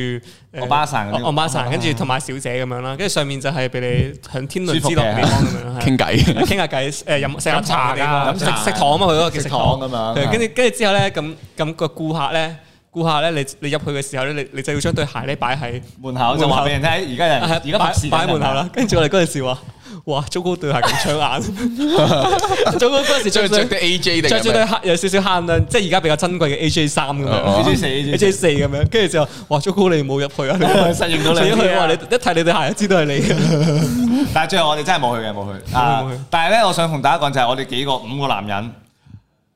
我巴神，我巴神，跟住同埋小姐咁樣啦，跟住上面就係俾你響天倫之樂嘅地方咁樣傾偈，傾下偈，誒飲飲茶㗎，飲食糖啊嘛，佢嗰個叫食糖咁樣，跟住跟住之後咧，咁咁個顧客咧。顧客咧，你你入去嘅時候咧，你你就要將對鞋咧擺喺門口就話俾人聽。而家人而家擺喺門口啦。跟住我哋嗰陣時話，哇，jo 哥對鞋咁搶眼。jo 哥嗰陣時著著對 A J 定著著對黑有少少慳啦，即係而家比較珍貴嘅 A J 三咁樣。A J 四咁樣。跟住之後，哇，jo 你冇入去啊！失認你。一睇你對鞋，就知道係你。但係最後我哋真係冇去嘅，冇去。但係咧，我想同大家講就係我哋幾個五個男人，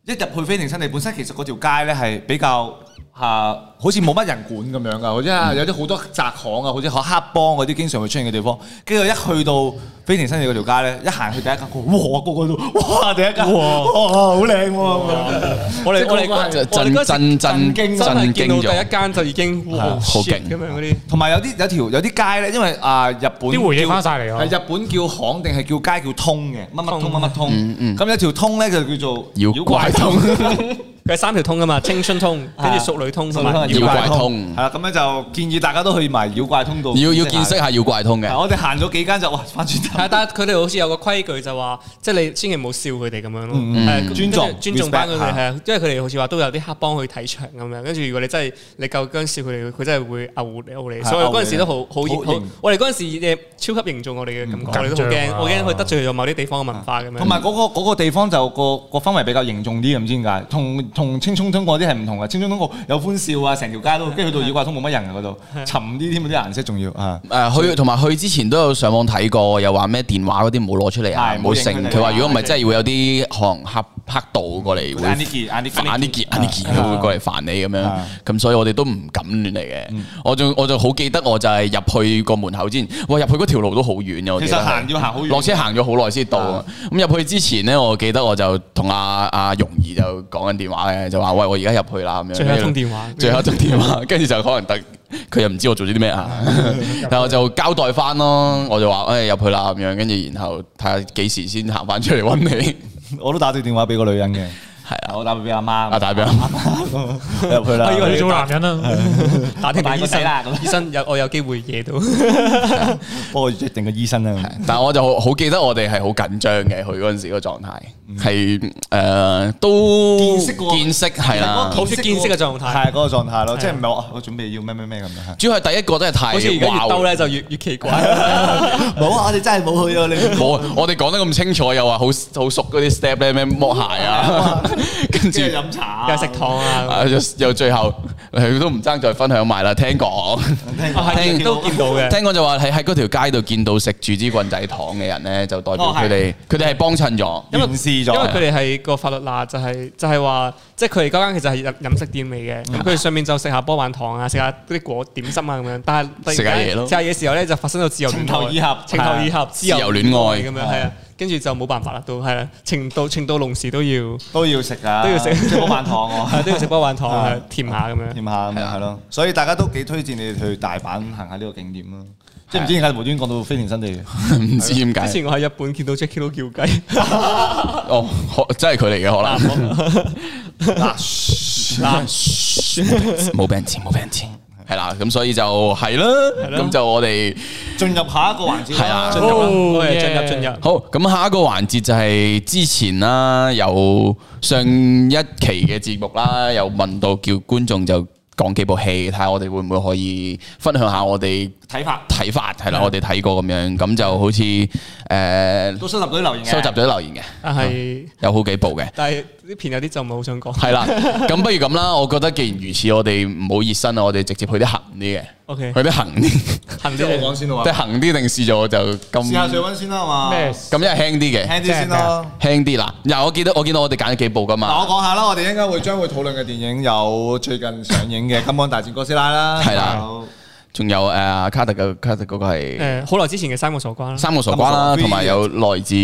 一入去飛鷹天地本身其實嗰條街咧係比較。嚇，好似冇乜人管咁樣噶，或者係有啲好多窄巷啊，或者黑幫嗰啲經常會出現嘅地方。跟住一去到飛田新地嗰條街咧，一行去第一間，哇！個個都，哇！第一間，哇！好靚喎！我哋我哋震震震驚震驚咗。第一間就已經，好勁咁樣嗰啲。同埋有啲有條有啲街咧，因為啊日本啲回憶翻晒嚟喎。係日本叫巷定係叫街叫通嘅乜乜通乜乜通？咁有條通咧就叫做妖怪通。佢係三條通噶嘛，青春通，跟住鬼通妖怪通，係啦，咁樣就建議大家都去埋妖怪通道，要要見識下妖怪通嘅。我哋行咗幾間就哇，翻轉頭。但係佢哋好似有個規矩就話，即係你千祈唔好笑佢哋咁樣咯，尊重尊重翻佢哋係啊，因為佢哋好似話都有啲黑幫去睇場咁樣，跟住如果你真係你夠嗰陣時佢哋，佢真係會牛牛你，所以嗰陣時都好好熱。我哋嗰陣時超級凝重我哋嘅感覺，你都我驚佢得罪咗某啲地方嘅文化咁樣。同埋嗰個地方就個個氛圍比較凝重啲咁，唔知點解，同同青春通嗰啲係唔同嘅，青春通個。有歡笑啊！成條街都跟住去到妖怪通，冇乜人啊，嗰度沉啲添啊，啲顏色仲要啊！誒去同埋去之前都有上網睇過，又話咩電話嗰啲冇攞出嚟冇成。佢話如果唔係真係會有啲可能黑黑道過嚟，會過嚟煩你咁樣。咁所以我哋都唔敢亂嚟嘅。我仲我仲好記得我就係入去個門口先，喂入去嗰條路都好遠啊！其實行要行好遠，落車行咗好耐先到。咁入去之前呢，我記得我就同阿阿容兒就講緊電話咧，就話喂我而家入去啦咁樣。最後一通電話，跟住就可能得佢又唔知我做咗啲咩啊，但係我就交代翻咯，我就話誒入去啦咁樣，跟住然後睇下幾時先行翻出嚟揾你。我都打咗電話俾個女人嘅，係啊，我打俾阿媽，阿打俾阿媽入去啦。我以為你做男人啊，打電話死啦，醫生有我有機會惹到，幫我定個醫生啊。但係我就好記得我哋係好緊張嘅，佢嗰陣時個狀態。係誒都見識，見識係啦，好似見識嘅狀態，係嗰個狀態咯，即係唔係話我準備要咩咩咩咁樣？主要係第一個真係太掛，好似越兜咧就越越奇怪。冇啊！我哋真係冇去到你。冇，我哋講得咁清楚，又話好好熟嗰啲 step 咧咩剝鞋啊，跟住飲茶、食糖啊，又又最後佢都唔爭再分享埋啦。聽講，聽都見到嘅，聽講就話係喺嗰條街度見到食住支棍仔糖嘅人咧，就代表佢哋佢哋係幫襯咗，因為是。因為佢哋係個法律啦，就係就係話，即係佢哋嗰間其實係飲食店嚟嘅，佢哋上面就食下波板糖啊，食下啲果點心啊咁樣。但係突然間食嘢嘅時候咧，就發生到自由戀愛。情投意合，情投意合，自由戀愛咁樣。係啊，跟住就冇辦法啦，都係啊，情到情到濃時都要都要食噶，都要食波板糖，都要食波板糖，甜下咁樣。甜下咁樣係咯，所以大家都幾推薦你哋去大阪行下呢個景點咯。即係唔知點解無端端講到非檐身地嘅，唔知點解。之前我喺日本見到 Jackie 都叫雞。哦，真係佢嚟嘅可能。嗱嗱，冇病簽冇病簽，係啦，咁所以就係啦，咁就我哋進入下一個環節。係啦，進入進入進入。好，咁下一個環節就係之前啦，有上一期嘅節目啦，又問到叫觀眾就。講幾部戲，睇下我哋會唔會可以分享下我哋睇法睇法係啦，我哋睇過咁樣，咁就好似誒，都收集到啲留言，收集咗啲留言嘅，係有好幾部嘅，但係呢片有啲就唔係好想講。係啦，咁不如咁啦，我覺得既然如此，我哋唔好熱身啦，我哋直接去啲行啲嘅，OK，去啲行啲，行啲我講先啦，即係行啲定試咗就咁，試下水温先啦，係嘛，咁一係輕啲嘅，輕啲先啦。輕啲啦，嗱我見到我見到我哋揀咗幾部噶嘛，嗱我講下啦，我哋應該會將會討論嘅電影有最近上映。金剛大戰哥斯拉啦，係啦，仲有誒，卡特嘅卡特嗰個係，誒，好耐之前嘅三個傻瓜啦，三個傻瓜啦，同埋有來自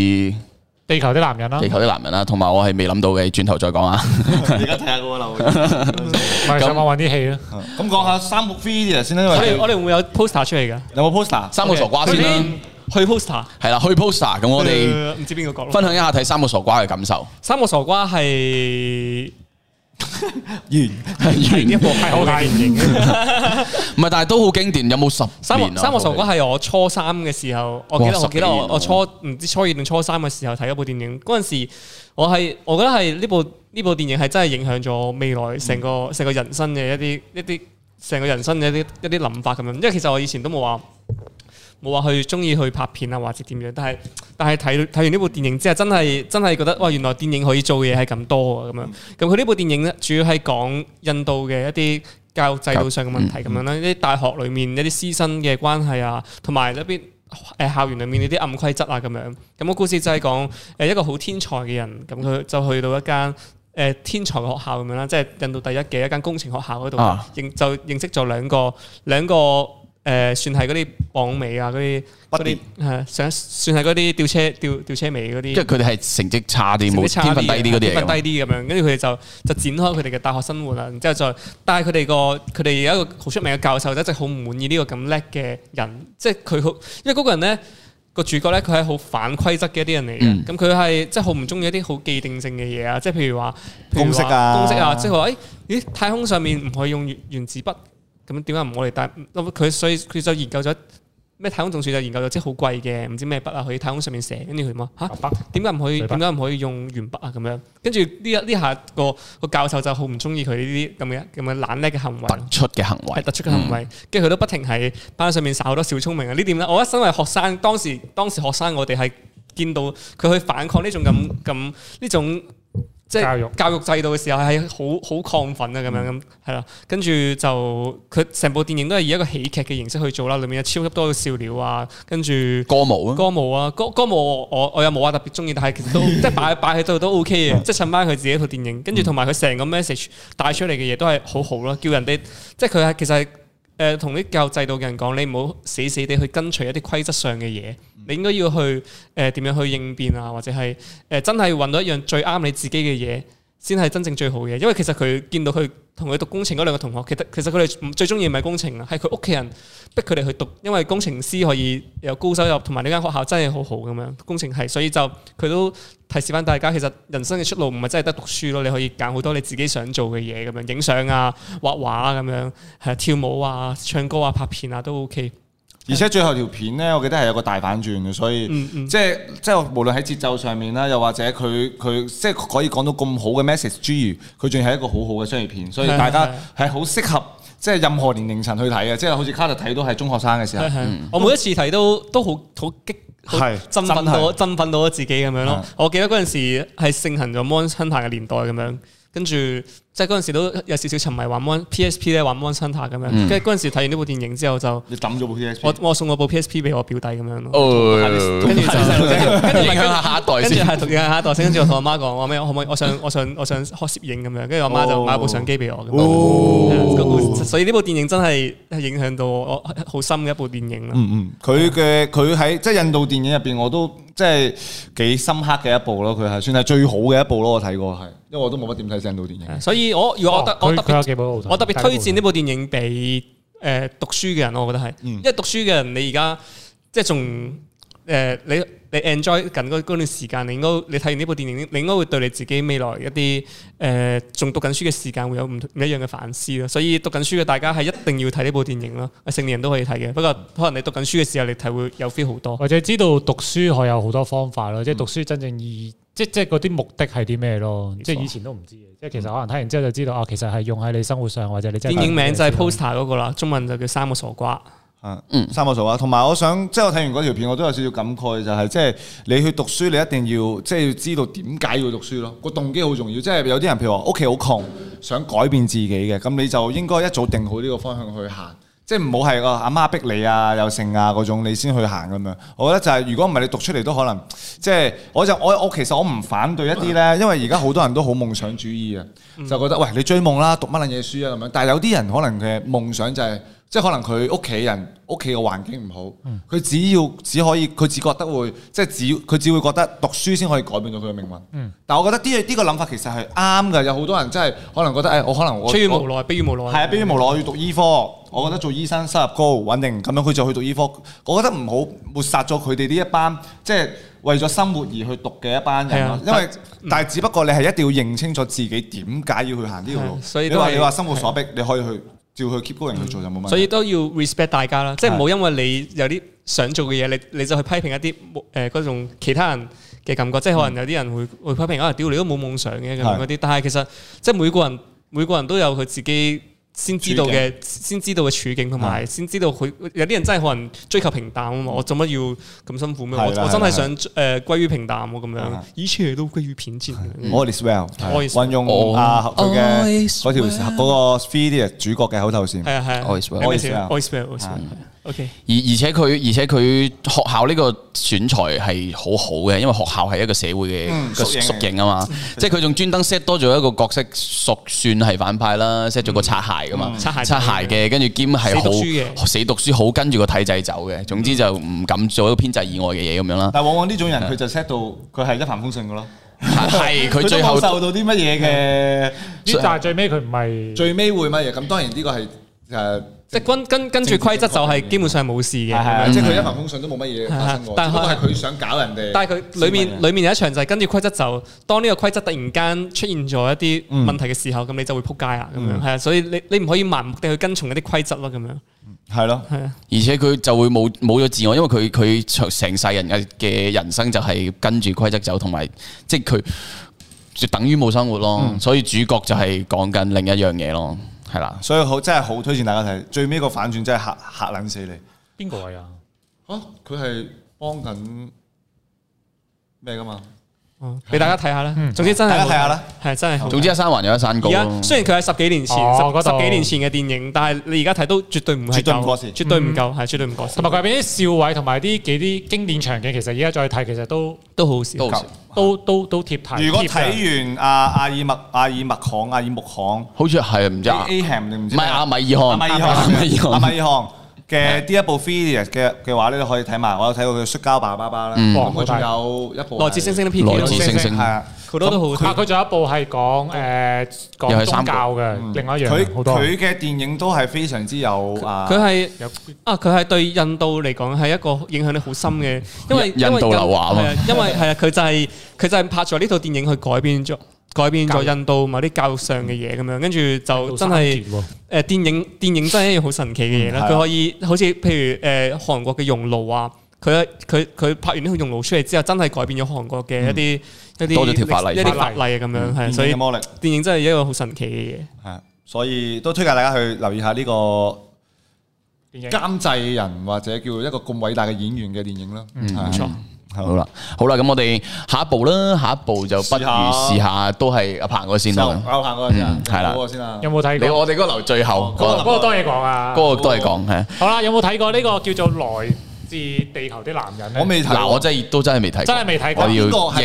地球啲男人啦，地球啲男人啦，同埋我係未諗到嘅，轉頭再講啊，而家睇下個樓，咪上網揾啲戲咯，咁講下三個 three 先啦，我哋我哋會唔會有 poster 出嚟噶？有冇 poster？三個傻瓜先啦，去 poster，係啦，去 poster，咁我哋唔知邊個角，分享一下睇三個傻瓜嘅感受。三個傻瓜係。完， 係原一部好大電影原，唔係，但係都好經典。有冇十年？啊？三個傻瓜係我初三嘅時候，我記得，我記得我、啊、我初唔知初二定初三嘅時候睇一部電影。嗰陣時我係，我覺得係呢部呢部電影係真係影響咗未來成個成個人生嘅一啲、嗯、一啲成個人生嘅一啲一啲諗法咁樣。因為其實我以前都冇話。冇話去中意去拍片啊，或者點樣？但係但係睇睇完呢部電影之後，真係真係覺得哇，原來電影可以做嘅嘢係咁多啊！咁樣咁佢呢部電影咧，主要係講印度嘅一啲教育制度上嘅問題咁樣啦，一啲大學裏面一啲師生嘅關係啊，同埋一邊誒、呃、校園裏面呢啲暗規則啊咁樣。咁、那個故事就係講誒一個好天才嘅人，咁佢就去到一間誒、呃、天才嘅學校咁樣啦，即、就、係、是、印度第一嘅一間工程學校嗰度，認、啊、就認識咗兩個兩個。誒、呃、算係嗰啲榜尾啊，嗰啲啲想算係嗰啲吊車吊吊車尾嗰啲。即係佢哋係成績差啲，冇差，天份低啲嗰啲。低啲咁樣，跟住佢哋就就展開佢哋嘅大學生活啦。然之後就但係佢哋個佢哋有一個好出名嘅教授，就一直好唔滿意呢個咁叻嘅人。即係佢好，因為嗰個人咧個主角咧，佢係好反規則嘅、嗯、一啲人嚟嘅。咁佢係即係好唔中意一啲好既定性嘅嘢啊！即、就、係、是、譬如話公式啊、公式啊，公式啊，即係話誒咦，太空上面唔可以用，用原子筆。咁點解唔我哋帶？佢所以佢就研究咗咩太空總署，就研究咗，即好貴嘅，唔知咩筆啊，去太空上面寫，跟住佢話吓？點解唔可以？點解唔可以用鉛筆啊？咁樣，跟住呢一呢下個、這個教授就好唔中意佢呢啲咁樣咁樣懶叻嘅行為，突出嘅行為，突出嘅行為，跟住佢都不停喺班上面耍好多小聰明啊！呢點咧？我覺得身為學生，當時當時學生我哋係見到佢去反抗呢種咁咁呢種。即係教育制度嘅時候係好好亢奮啊咁樣，咁係啦，跟住、嗯、就佢成部電影都係以一個喜劇嘅形式去做啦，裏面有超級多嘅笑料啊，跟住歌舞啊歌舞啊歌歌舞我我又冇話特別中意，但係其實都即係擺擺喺度都 OK 嘅，即係襯翻佢自己套電影，跟住同埋佢成個 message 帶出嚟嘅嘢都係好好咯，叫人哋即係佢係其實係。誒同啲教育制度嘅人講，你唔好死死地去跟隨一啲規則上嘅嘢，你應該要去誒、呃、點樣去應變啊，或者係誒、呃、真係揾到一樣最啱你自己嘅嘢，先係真正最好嘅，因為其實佢見到佢同佢讀工程嗰兩個同學，其實其實佢哋最中意唔係工程啊，係佢屋企人逼佢哋去讀，因為工程師可以有高收入，同埋呢間學校真係好好咁樣。工程係，所以就佢都提示返大家，其實人生嘅出路唔係真係得讀書咯，你可以揀好多你自己想做嘅嘢咁樣，影相啊、畫畫咁樣，係跳舞啊、唱歌啊、拍片啊都 OK。而且最後條片咧，我記得係有個大反轉嘅，所以、嗯嗯、即係即係無論喺節奏上面啦，又或者佢佢即係可以講到咁好嘅 message，之餘佢仲係一個好好嘅商業片，所以大家係好適合即係任何年齡層去睇嘅，即係好似卡特睇到係中學生嘅時候、嗯，我每一次睇都都好好激，振奮到振奮的到咗自己咁樣咯。的我記得嗰陣時係盛行咗 Monster 嘅年代咁樣，跟住。即係嗰陣時都有少少沉迷玩 PSP 咧，玩 Monster 咁樣。跟住嗰陣時睇完呢部電影之後就，你抌咗部 PSP，我我送我部 PSP 俾我表弟咁樣咯。跟住就，跟住問佢下下一代，跟住同佢下一代。跟住我同我媽講，我咩？可唔可以？我想我想我想學攝影咁樣。跟住我媽就買部相機俾我。哦，所以呢部電影真係影響到我好深嘅一部電影。佢嘅佢喺即係印度電影入邊，我都即係幾深刻嘅一部咯。佢係算係最好嘅一部咯。我睇過係，因為我都冇乜點睇印度電影，所以。我如果我特、哦、我特別我特別推薦呢部電影俾誒、呃、讀書嘅人、啊，我覺得係，嗯、因為讀書嘅人你而家即係仲誒你你 enjoy 緊嗰段時間，你應該你睇完呢部電影，你應該會對你自己未來一啲誒仲讀緊書嘅時間會有唔一樣嘅反思咯。所以讀緊書嘅大家係一定要睇呢部電影咯，成年人都可以睇嘅。不過可能你讀緊書嘅時候，你睇會有 feel 好多，嗯、或者知道讀書可以有好多方法咯，即係、嗯、讀書真正意義。即即嗰啲目的係啲咩咯？即以前都唔知嘅，即、嗯、其實可能睇完之後就知道，哦、啊，其實係用喺你生活上或者你真係電影名就係 Poster 嗰個啦，中文就叫三個傻瓜。嗯、三個傻瓜。同埋我想，即我睇完嗰條片，我都有少少感慨，就係、是、即你去讀書，你一定要即、就是、要知道點解要讀書咯，個動機好重要。即、就是、有啲人譬如話屋企好窮，想改變自己嘅，咁你就應該一早定好呢個方向去行。即係唔好係個阿媽逼你啊，有剩啊嗰種，你先去行咁樣。我覺得就係如果唔係你讀出嚟都可能，即係我就我我其實我唔反對一啲咧，因為而家好多人都好夢想主義啊，就覺得喂你追夢啦，讀乜撚嘢書啊咁樣。但係有啲人可能嘅夢想就係、是、即係可能佢屋企人屋企嘅環境唔好，佢、嗯、只要只可以佢只覺得會即係只佢只會覺得讀書先可以改變到佢嘅命運。嗯、但係我覺得呢、這、啲個諗、這個、法其實係啱㗎，有好多人真、就、係、是、可能覺得誒、哎，我可能我出於無奈，迫於無奈，係啊我，迫於無奈要讀醫科。我覺得做醫生收入高穩定，咁樣佢就去讀醫科。我覺得唔好抹殺咗佢哋呢一班，即係為咗生活而去讀嘅一班人因為，但係只不過你係一定要認清楚自己點解要去行呢條路。所以你話你話生活所逼，你可以去，照去 keep going 去做就冇問題。所以都要 respect 大家啦，即係冇因為你有啲想做嘅嘢，你你就去批評一啲誒嗰種其他人嘅感覺，即係可能有啲人會會批評啊，屌你都冇夢想嘅嗰啲。但係其實即係每個人每個人都有佢自己。先知道嘅，先知道嘅處境，同埋先知道佢有啲人真係可能追求平淡啊嘛！我做乜要咁辛苦咩？我我真係想誒歸於平淡喎咁樣。以前都歸於平淡。All is well 運用啊佢嘅嗰條嗰個3 Idiots 主角嘅口頭禪。All is well，All is well，All is well 而而且佢而且佢學校呢個選材係好好嘅，因為學校係一個社會嘅縮影啊嘛。即係佢仲專登 set 多咗一個角色，屬算係反派啦。set 咗個擦鞋噶嘛，擦鞋嘅，跟住兼係好死讀書，好跟住個體制走嘅。總之就唔敢做一個編制以外嘅嘢咁樣啦。但往往呢種人，佢就 set 到佢係一帆風順噶咯。係佢最後受到啲乜嘢嘅？但係最尾佢唔係最尾會乜嘢？咁當然呢個係誒。即係跟跟住規則就係基本上冇事嘅，即係佢一帆風順都冇乜嘢，但係佢想搞人哋。但係佢裏面裏面有一場就係跟住規則走。當呢個規則突然間出現咗一啲問題嘅時候，咁你就會撲街啦咁樣。係啊，所以你你唔可以盲目地去跟從一啲規則咯咁樣。係咯，係啊。而且佢就會冇冇咗自我，因為佢佢成世人嘅人生就係跟住規則走，同埋即係佢就等於冇生活咯。所以主角就係講緊另一樣嘢咯。係啦，所以好真係好推薦大家睇，最尾個反轉真係吓吓冷死你。邊個位啊？啊，佢係幫緊咩㗎嘛？俾大家睇下啦，總之真係，睇下啦，係真係。總之一山還有一山高。而家雖然佢係十幾年前，十幾年前嘅電影，但係你而家睇都絕對唔係，絕對唔過，絕對唔過時。同埋佢入邊啲笑位，同埋啲幾啲經典場景，其實而家再睇，其實都都好少，都都都貼題。如果睇完阿阿爾麥阿爾麥巷阿爾木巷，好似係唔知阿阿米爾汗，阿米爾阿米爾汗。嘅呢一部 three idiots 嘅嘅話咧，你可以睇埋。我有睇過佢摔跤爸爸爸啦。咁佢仲有一部來自星星的 PK，來自星星。係啊，佢都都好拍。佢仲有一部係講誒講三教嘅另外一樣。佢嘅電影都係非常之有啊。佢係啊，佢係對印度嚟講係一個影響力好深嘅，因為印度流話因為係啊，佢就係佢就係拍咗呢套電影去改變咗。改變咗印度某啲教育上嘅嘢咁樣，跟住就真係，誒，電影電影真係一樣好神奇嘅嘢啦。佢可以好似譬如誒，韓國嘅熔爐啊，佢佢佢拍完呢套熔爐出嚟之後，真係改變咗韓國嘅一啲一啲一啲法例啊咁樣，係所以電影真係一個好神奇嘅嘢。係所以都推介大家去留意下呢個監製人或者叫一個咁偉大嘅演員嘅電影咯。冇錯。好啦，好啦，咁我哋下一步啦，下一步就不如試下都係阿鵬哥先啦。阿鵬哥先，係啦。有冇睇？你我哋嗰個樓最後。嗰個嗰個多嘢講啊，嗰個多嘢講嘅。好啦，有冇睇過呢個叫做來至地球的男人咧，我未睇。嗱，我真係都真係未睇，真係未睇過。要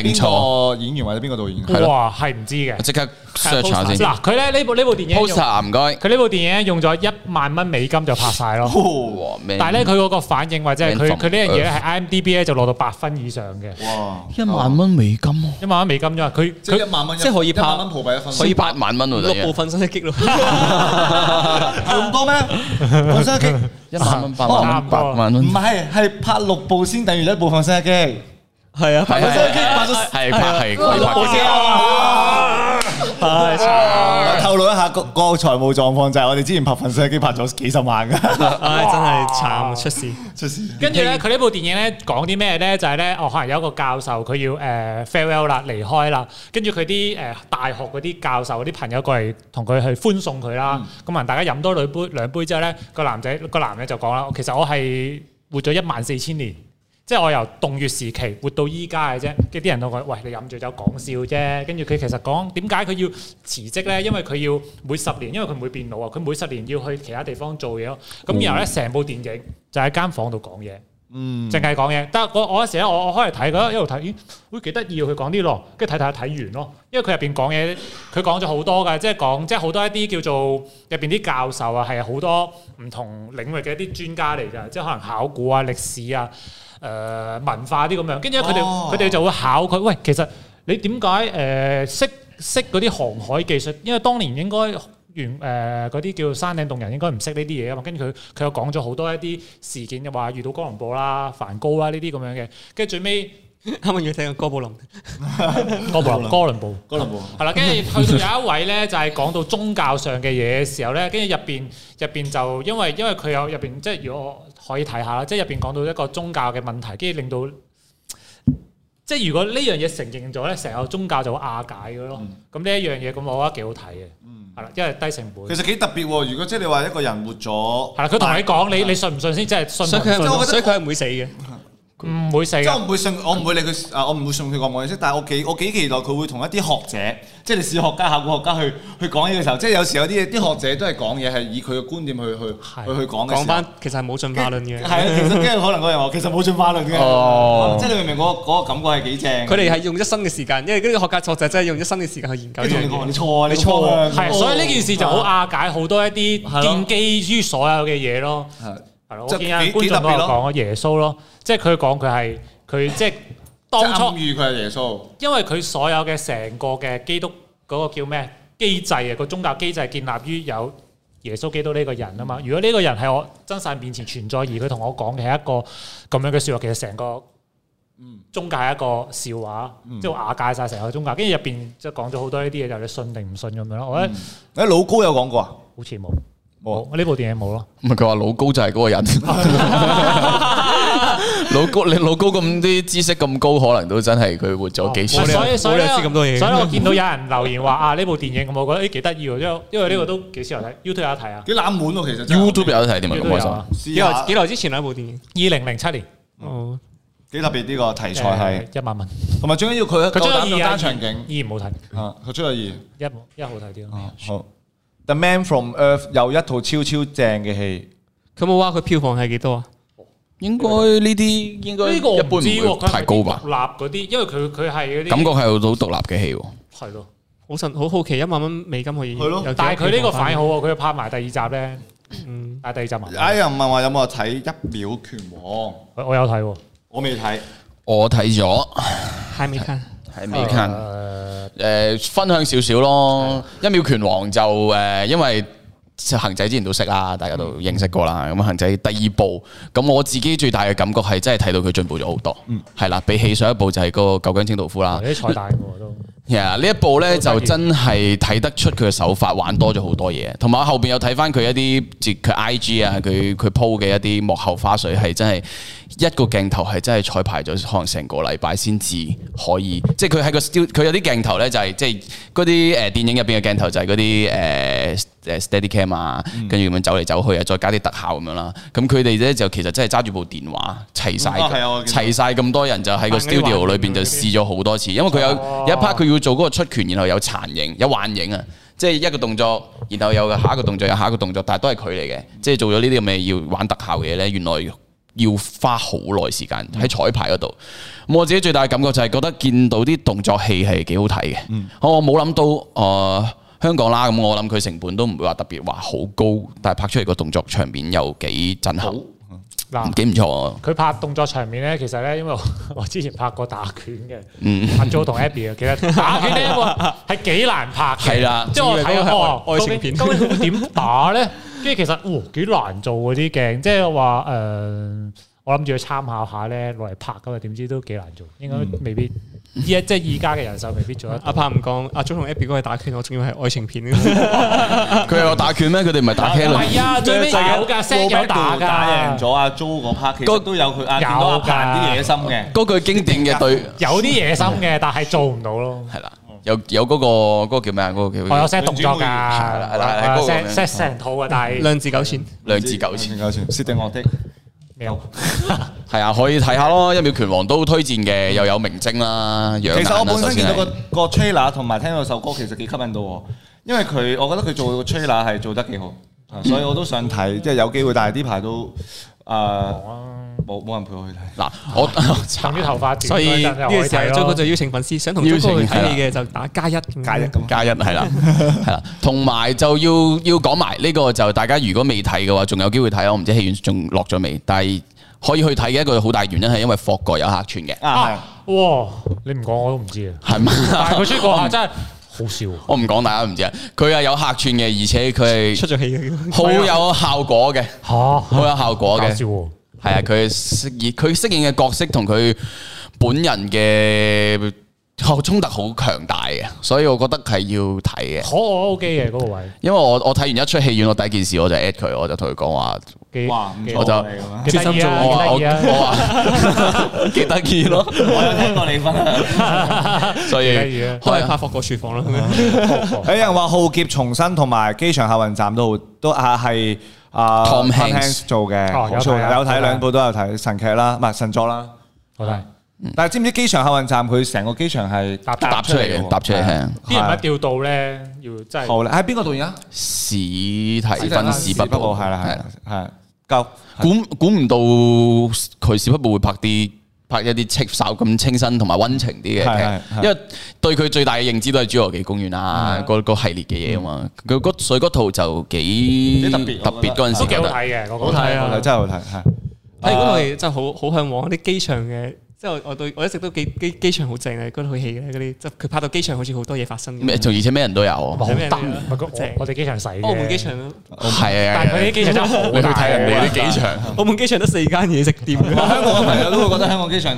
認錯演員或者邊個導演？哇，係唔知嘅。即刻 search 下先。嗱，佢咧呢部呢部電影 poster 唔該。佢呢部電影咧用咗一萬蚊美金就拍晒咯。但係咧佢嗰個反應或者係佢佢呢樣嘢係 IMDB a 就攞到八分以上嘅。一萬蚊美金啊！一萬蚊美金啫，佢佢一萬蚊，即係可以拍一，可以八萬蚊六部分身擊咯。咁多咩？一百蚊，百百萬唔係，係拍六部先等於一部《放生一擊》。係啊，《放生一擊》買咗係拍係六部嘅啊。唉，透露一下個個財務狀況就係我哋之前拍份相機拍咗幾十萬噶，唉真係慘，出事出事。出事跟住咧，佢呢部電影咧講啲咩咧？就係、是、咧，哦，可能有一個教授佢要誒、呃、farewell 啦，離開啦。跟住佢啲誒大學嗰啲教授嗰啲朋友過嚟同佢去歡送佢啦。咁啊、嗯，大家飲多兩杯兩杯之後咧，個男仔個男嘅就講啦，其實我係活咗一萬四千年。即係我由洞穴時期活到依家嘅啫，跟啲人都話：喂，你飲醉酒講笑啫。跟住佢其實講點解佢要辭職咧？因為佢要每十年，因為佢唔會變老啊，佢每十年要去其他地方做嘢咯。咁、嗯、然後咧，成部電影就喺間房度講嘢，嗯，淨係講嘢。得我我嗰時咧，我我，我開嚟睇嗰，一路睇，咦，會幾得意佢講啲咯，跟住睇睇睇完咯。因為佢入邊講嘢，佢講咗好多㗎，即係講即係好多一啲叫做入邊啲教授啊，係好多唔同領域嘅一啲專家嚟㗎，即係可能考古啊、歷史啊。誒文化啲咁樣，跟住佢哋佢哋就會考佢。喂，其實你點解誒識識嗰啲航海技術？因為當年應該原誒嗰啲叫山頂洞人應該唔識呢啲嘢啊嘛。跟住佢佢又講咗好多一啲事件，就話遇到哥倫布啦、梵高啦呢啲咁樣嘅。跟住最尾啱啱要聽下哥布林？哥倫布，哥倫布，哥倫布。係啦，跟住去到有一位咧，就係講到宗教上嘅嘢嘅時候咧，跟住入邊入邊就因為因為佢有入邊即係如果。可以睇下啦，即係入邊講到一個宗教嘅問題，跟住令到，即係如果呢樣嘢承認咗咧，成個宗教就會瓦解嘅咯。咁呢一樣嘢，咁我覺得幾好睇嘅。嗯，係啦，因為低成本。其實幾特別喎，如果即係你話一個人活咗，係啦，佢同你講對，你你信唔信先？即係信唔信？所以佢係唔會死嘅。唔會信，即係我唔會信，我唔會理佢，我唔會信佢講冇嘢。但係我幾我幾期待佢會同一啲學者，即係歷史學家、考古學家去去講嘢嘅時候。即係有時有啲啲學者都係講嘢係以佢嘅觀點去去去講嘅。講翻其實係冇進化論嘅。係啊，其實可能嗰人話其實冇進化論嘅。哦，即係你明唔明嗰個感覺係幾正？佢哋係用一生嘅時間，因為呢個學家確實真係用一生嘅時間去研究。你同人講你錯啊，你錯啊，所以呢件事就好瓦解好多一啲奠基於所有嘅嘢咯。係咯，我見下觀眾講講耶穌咯，即係佢講佢係佢即係當初預佢係耶穌，就是、說他說他因為佢所有嘅成個嘅基督嗰、那個叫咩機制啊，個宗教機制建立於有耶穌基督呢個人啊嘛。如果呢個人係我真曬面前存在，而佢同我講嘅係一個咁樣嘅説話，其實成個宗教係一個笑話，即係、嗯、瓦解晒成個宗教。跟住入邊即係講咗好多呢啲嘢，就係你信定唔信咁樣咯。我咧，誒、嗯、老高有講過啊，好似冇。冇，呢部電影冇咯。唔係佢話老高就係嗰個人，老高你老高咁啲知識咁高，可能都真係佢活咗幾次，所以所以咁多嘢。所以我見到有人留言話啊，呢部電影我覺得啲幾得意，因為因為呢個都幾適合睇。YouTube 有得睇啊。幾冷門咯，其實。YouTube 有得睇點啊？有冇啊？試下。幾耐之前啊？部電影。二零零七年。哦。幾特別呢個題材係。一萬蚊。同埋最緊要佢佢出咗二單場景，二好睇。佢出咗二。一，一好睇啲好。The Man from Earth 又一套超超正嘅戲，佢冇話佢票房係幾多啊？應該呢啲應該該 一般唔會太高吧？獨立嗰啲，因為佢佢係嗰啲感覺係好獨立嘅戲。係咯，好神，好好奇一萬蚊美金可以。係但係佢呢個反好啊，佢拍埋第二集咧。嗯，但第二集啊，哎呀，唔係話有冇睇一秒拳王？我，我有睇、啊，我未睇，我睇咗，睇未睇？ 係未？誒，分享少少咯。的一秒拳王就誒，因為恆仔之前都識啦，大家都認識過啦。咁恆、嗯、仔第二部，咁我自己最大嘅感覺係真係睇到佢進步咗好多。嗯，係啦，比起上一部就係個救殭清道夫啦。啲彩帶都。係呢 Yeah, 一部咧就真係睇得出佢嘅手法玩多咗好多嘢，同埋我後邊有睇翻佢一啲佢 IG 啊，佢佢 po 嘅一啲幕後花絮係真係一個鏡頭係真係彩排咗可能成個禮拜先至可以，即係佢喺個 studio 佢有啲鏡頭咧就係即係啲誒電影入邊嘅鏡頭就係啲誒誒、呃、steady cam 啊，跟住咁樣走嚟走去啊，再加啲特效咁樣啦。咁佢哋咧就其實真係揸住部電話齊曬齊晒咁多人就喺個 studio 裏邊就試咗好多次，因為佢有一 part 佢要。做嗰個出拳，然後有殘影、有幻影啊！即係一個動作，然後有下一個動作，有下一個動作，但係都係佢嚟嘅。即係做咗呢啲咁嘅要玩特效嘅嘢呢，原來要花好耐時間喺彩排嗰度。我自己最大嘅感覺就係覺得見到啲動作戲係幾好睇嘅。嗯、我冇諗到，誒、呃，香港啦，咁我諗佢成本都唔會話特別話好高，但係拍出嚟個動作場面又幾震撼。嗱幾唔錯喎！佢拍動作場面咧，其實咧，因為我之前拍過打拳嘅，嗯，阿 Joe 同 Abby 啊，記得打拳咧，係幾 難拍嘅，啦的。即係我睇過愛情片，究竟點打咧？跟住 其實，哇、哦，幾難做嗰啲鏡，即係話誒，我諗住去參考下咧，落嚟拍噶嘛，點知都幾難做，應該未必、嗯。而家即係而家嘅人就未必做得。阿柏唔講，阿 Jo 同 Abby 嗰個打拳，我仲以為係愛情片。佢係有打拳咩？佢哋唔係打拳。係啊，最尾就有噶 set 有打噶。打贏咗阿 Jo 嗰 part，嗰都有佢阿點多啲野心嘅。嗰句經典嘅對，有啲野心嘅，但係做唔到咯。係啦，有有嗰個嗰個叫咩啊？嗰個叫我有 set 動作噶係啦係啦，set set 成套噶，但係兩字九千，兩字九千九千，四千五。係 啊，可以睇下咯，一秒拳王都推薦嘅，又有明星啦，啦其實我本身見到，那個個 trailer 同埋聽到首歌，其實幾吸引到我，因為佢，我覺得佢做個 trailer 係做得幾好，所以我都想睇， 即係有機會，但係呢排都。誒，冇冇人陪我去睇嗱，我長啲頭髮，所以呢件事，最後就邀請粉絲，想同朱哥一齊嘅就打加一，加一咁，加一係啦，係啦，同埋就要要講埋呢個，就大家如果未睇嘅話，仲有機會睇，我唔知戲院仲落咗未，但係可以去睇嘅一個好大原因係因為霍哥有客串嘅哇。你唔講我都唔知啊，係嘛？但係佢出過真係。好笑，哦，我唔講大家唔知啊！佢係有客串嘅，而且佢出咗戲，好有效果嘅吓，好 有效果嘅。好笑，係啊！佢適佢適應嘅角色同佢本人嘅。好衝突，好強大嘅，所以我覺得係要睇嘅。可我 O K 嘅嗰個位，因為我我睇完一出戲院，我第一件事我就 at 佢，我就同佢講話，哇唔錯，我就專心做。我話我話幾得意咯，我有聽過你分，所以可以拍服過廚房咯。有人話浩劫重生同埋機場客運站都都啊，係啊 Tom Hanks 做嘅，有睇兩部都有睇神劇啦，唔係神作啦，我睇。但係知唔知機場客運站佢成個機場係搭出嚟嘅？搭出嚟，啲人一調度咧要真係好咧。喺邊個導演啊？史提芬史匹堡係啦，係啦，係。估估估唔到佢史匹堡會拍啲拍一啲戚稍咁清新同埋溫情啲嘅，因為對佢最大嘅認知都係侏羅紀公園啊，個個系列嘅嘢啊嘛。佢嗰所嗰套就幾特別特別嗰陣時都幾好睇嘅，好睇啊，真係好睇。係嗰套真係好好向往啲機場嘅。即係我我我一直都幾機機場正、嗰個、好正嘅嗰套戲咧嗰啲，即係佢拍到機場好似好多嘢發生嘅。咩、嗯？仲而且咩人都有，好正年。我哋正機場細。澳門機場咯。係啊係啊。但係啲機場真係好難你去睇人哋啲機場。澳門是、啊、機場得、啊、四間嘢食店、啊。香港嘅朋友都會覺得香港機場。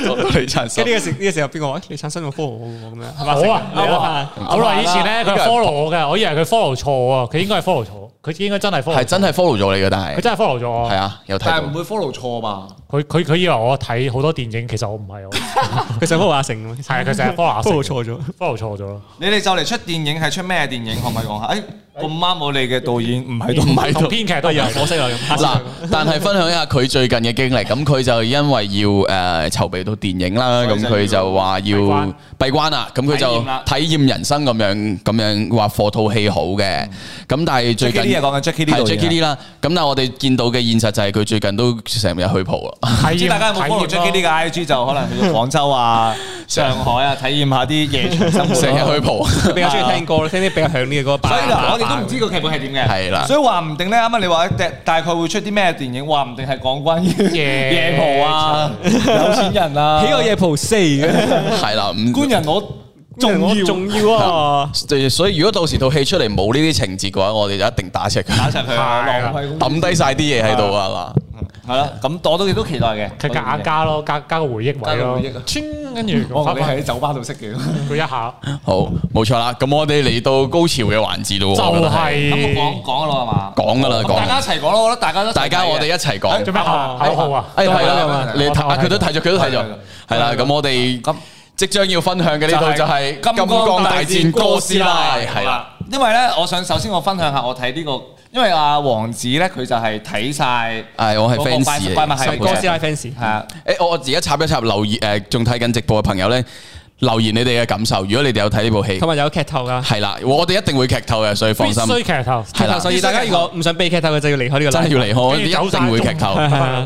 李燦森，跟住呢個時呢個時候邊個話？李燦森個 follow 我咁樣，係咪？好啊，好啊，好耐以前咧，佢 follow 我嘅，我以為佢 follow 錯啊，佢應該係 follow 錯，佢應該真係 follow，係真係 follow 咗你嘅，但係佢真係 follow 咗，係啊，有睇，但係唔會 follow 錯嘛？佢佢佢以為我睇好多電影，其實我唔係我，佢成 follow 阿成咁，係啊，佢成 follow 阿成，follow 錯咗，follow 錯咗。你哋就嚟出電影係出咩電影？可唔可以講下？誒，咁啱我哋嘅導演唔喺度唔喺度同編劇都有可惜啦。嗱，但係分享一下佢最近嘅經歷，咁佢就因為要誒籌備。電影啦，咁佢就話要閉關啦，咁佢就體驗人生咁樣，咁樣話貨套戲好嘅，咁但係最近啲嘢，講緊 Jackie 呢度，Jackie 呢啦，咁但係我哋見到嘅現實就係佢最近都成日去蒲咯，即係大家有冇 follow Jackie 呢個 IG，就可能去到廣州啊、上海啊，體驗下啲夜場生活，成日去蒲，比較中意聽歌，聽啲比較響啲嘅歌。所以啦，我哋都唔知個劇本係點嘅，係啦，所以話唔定咧，啱啱，你話大大概會出啲咩電影，話唔定係講關於夜夜蒲啊、有錢人啊。起個夜蒲四嘅係啦，官人我重要我重要啊 所以如果到時套戲出嚟冇呢啲情節嘅話，我哋就一定打出佢， 了打出佢， 了浪費抌低晒啲嘢喺度啊嘛～了 係啦，咁我都亦都期待嘅，佢加加咯，加加個回憶位咯，跟住我哋喺酒吧度識嘅，佢一下好冇錯啦。咁我哋嚟到高潮嘅環節咯，就係咁講講噶啦嘛，講噶啦，大家一齊講咯。我覺得大家都大家我哋一齊講做咩號啊號啊，係啦，你睇佢都睇咗，佢都睇咗。係啦。咁我哋咁即將要分享嘅呢套就係金剛大戰哥斯拉，係啦。因為咧，我想首先我分享下我睇呢、這個，因為阿王子咧，佢就係睇晒。係我係 fans，係哥斯拉 fans，係啊，誒、那個哎、我我而家插一插，留意誒仲睇緊直播嘅朋友咧。留言你哋嘅感受，如果你哋有睇呢部戲，同埋有劇透噶，係啦，我哋一定會劇透嘅，所以放心。必須劇透，係啦，所以大家如果唔想被劇透，嘅就要離開呢個，真係要離開啲九成會劇透，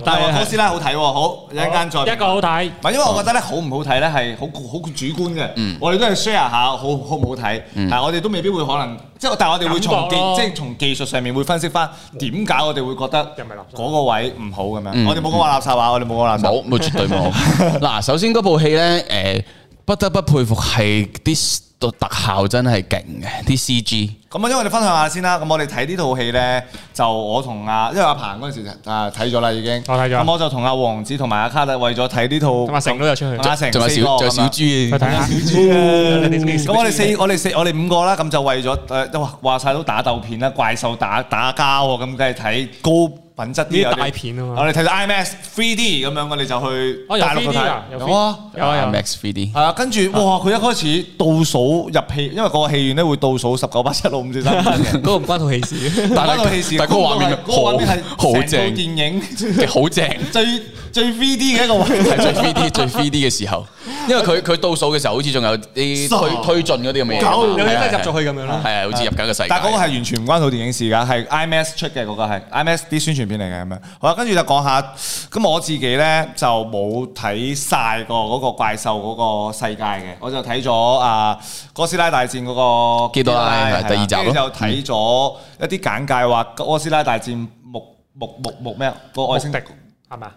但係柯斯拉好睇，好有一間再一個好睇。因為我覺得咧，好唔好睇咧係好好主觀嘅。我哋都係 share 下，好好唔好睇。但係我哋都未必會可能，即係但係我哋會從技，即係從技術上面會分析翻點解我哋會覺得又咪垃圾嗰個位唔好咁樣。我哋冇講話垃圾話，我哋冇講垃圾冇，冇絕對冇。嗱，首先嗰部戲咧，誒。不得不佩服，係啲特效真係勁嘅，啲 CG。咁啊，因為我哋分享下先啦。咁我哋睇呢套戲咧，就我同阿，因為阿彭嗰陣時啊睇咗啦已經。我睇咗。咁我就同阿王子同埋阿卡特為咗睇呢套，咁阿成都有出去，阿成和，仲有小，仲有小豬睇。小豬咁 我哋四，我哋四，我哋五個啦。咁就為咗誒，話話晒都打鬥片啦，怪獸打打交啊，咁梗係睇高品質啲大片啊嘛，我哋睇到 IMAX 3D 咁樣，我哋就去大陸個睇。哇！有 IMAX 3D，係啊，跟住哇，佢一開始倒數入戲，因為個戲院咧會倒數十九八七六五四三，嗰個唔 關套戲事，但係是但係嗰畫面咪好，好正，成個電影好正，最。最 3D 嘅一個位，最 3D 最 3D 嘅時候，因為佢佢倒數嘅時候，好似仲有啲推推進嗰啲咁嘅嘢，有啲真係入咗去咁樣咯，係啊，好似入緊個世界。但係嗰個係完全唔關套電影事噶，係 IMAX 出嘅嗰個係 IMAX 啲宣傳片嚟嘅咁樣。好啦，跟住就講下，咁我自己咧就冇睇晒個嗰個怪獸嗰個世界嘅，我就睇咗啊哥斯拉大戰嗰個，第二集咯，就睇咗一啲簡介話哥斯拉大戰木木木木咩啊個外星敵。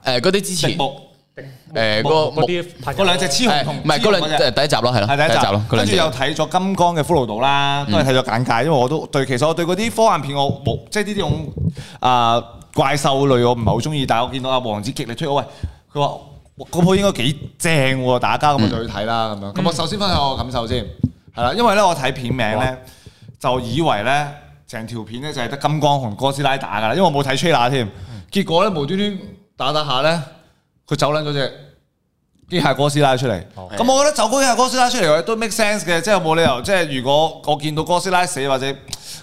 誒，嗰啲之前誒，嗰嗰啲兩隻雌雄同唔係嗰兩誒第一集咯，係咯，係第一集咯。跟住又睇咗《金剛》嘅《骷髏島》啦，都係睇咗簡介，因為我都對，其實我對嗰啲科幻片我冇，即係呢啲種啊怪獸類我唔係好中意，但係我見到阿王子極力推介，喂，佢話嗰部應該幾正喎，打交咁我就去睇啦咁樣。咁我首先分享我感受先，係啦，因為咧我睇片名咧就以為咧成條片咧就係得金剛同哥斯拉打噶啦，因為我冇睇 trailer 添，結果咧無端端。打打下呢，佢走撚咗隻機械哥斯拉出嚟。咁 Okay. 我覺得走高機械哥斯拉出嚟都 make sense 嘅，即係有冇理由。即係如果我見到哥斯拉死或者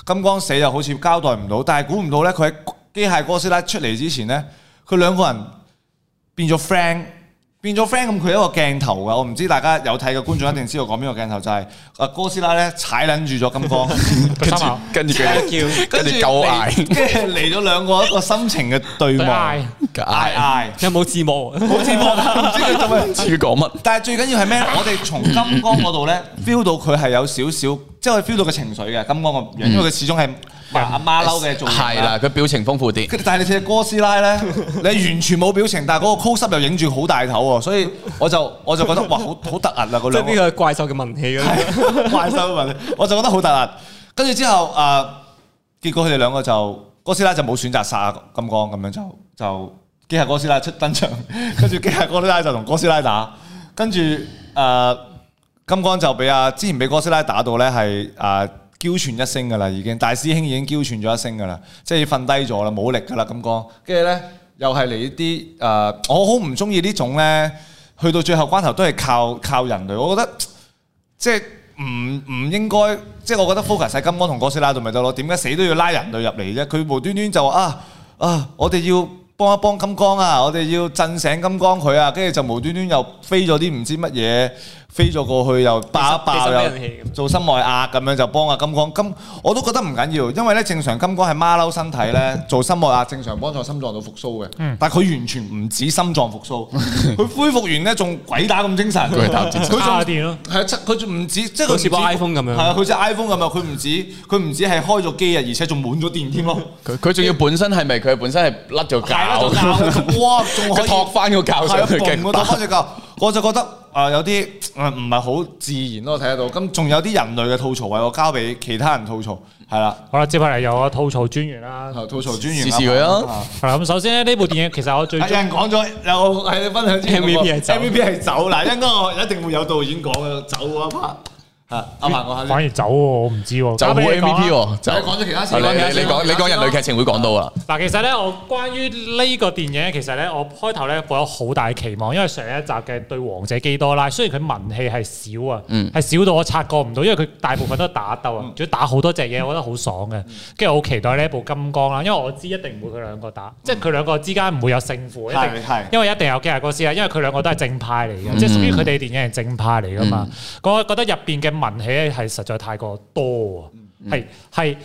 金剛死又好似交代唔到，但係估唔到呢，佢喺機械哥斯拉出嚟之前呢，佢兩個人變咗 friend。變咗 friend 咁，佢一個鏡頭噶，我唔知大家有睇嘅觀眾一定知道講邊個鏡頭，就係、是、阿哥斯拉咧踩撚住咗金剛， 跟住跟住叫，跟住嗌，跟住嚟咗兩個一個心情嘅對望，嗌嗌喊，有冇字幕？冇字幕，唔知佢點樣講乜？但係最緊要係咩？我哋從金剛嗰度咧 feel 到佢係有少少。即係 feel 到佢情緒嘅金剛，我因為佢始終係唔係阿馬騮嘅造型？係啦、嗯，佢表情豐富啲。但係你隻哥斯拉咧，你完全冇表情， 但係嗰個 cos 又影住好大頭喎，所以我就我就覺得哇，好好突兀啦嗰兩個。即係呢個怪獸嘅文氣咯，的 怪獸文氣。我就覺得好突兀。跟住之後啊、呃，結果佢哋兩個就哥斯拉就冇選擇殺金剛，咁樣就就機械哥斯拉出登場，跟住機械哥斯拉就同哥斯拉打，跟住誒。呃。金剛就俾啊，之前俾哥斯拉打到咧係啊嬌喘一聲嘅啦，已經大師兄已經嬌喘咗一聲嘅啦，即係瞓低咗啦，冇力嘅啦，金剛。跟住咧又係嚟啲誒，我好唔中意呢種咧，去到最後關頭都係靠靠人類，我覺得即係唔唔應該，即係我覺得 focus 喺金剛同哥斯拉度咪得咯，點解死都要拉人類入嚟啫？佢無端端就啊啊，我哋要幫一幫金剛啊，我哋要震醒金剛佢啊，跟住就無端端又飛咗啲唔知乜嘢。飛咗過去，又爆一爆，又做心外壓，咁樣就幫阿金剛金，我都覺得唔緊要，因為咧正常金剛係馬騮身體咧，做心外壓正常幫助心臟度復甦嘅，但係佢完全唔止心臟復甦，佢恢復完咧仲鬼打咁精神，佢打電，係啊，佢唔止即係好似部 iPhone 咁樣，係啊，好似 iPhone 咁啊，佢唔止佢唔止係開咗機啊，而且仲滿咗電添咯，佢佢仲要本身係咪佢本身係甩咗膠，哇，仲可以托翻個膠上去打翻隻膠。我就覺得啊、呃，有啲唔係好自然咯，睇得到。咁、嗯、仲有啲人類嘅吐槽，我交俾其他人吐槽，係啦。好啦，接下嚟有啊吐槽專員啦、啊，吐槽專員試試佢咯。係啦、啊，咁、嗯、首先咧，呢部電影其實我最阿 人講咗，又係分享啲 MVP 係走，MVP 係走。嗱， 應該我一定會有導演講嘅走啊嘛。 阿鵬，我反而走喎，我唔知喎，走唔會 MVP 喎，講咗其他事。你你講你講人類劇情會講到啦。嗱，其實咧，我關於呢個電影，其實咧，我開頭咧抱有好大期望，因為上一集嘅對王者基多拉，雖然佢文戲係少啊，嗯，係少到我察覺唔到，因為佢大部分都係打鬥啊，仲要打好多隻嘢，我覺得好爽嘅。跟住我好期待呢一部金剛啦，因為我知一定唔會佢兩個打，即係佢兩個之間唔會有勝負，一定，係，因為一定有機械哥斯拉啊，因為佢兩個都係正派嚟嘅，即係屬於佢哋電影係正派嚟㗎嘛。我覺得入邊嘅。問起嚟實在太過多啊，係係、嗯。嗯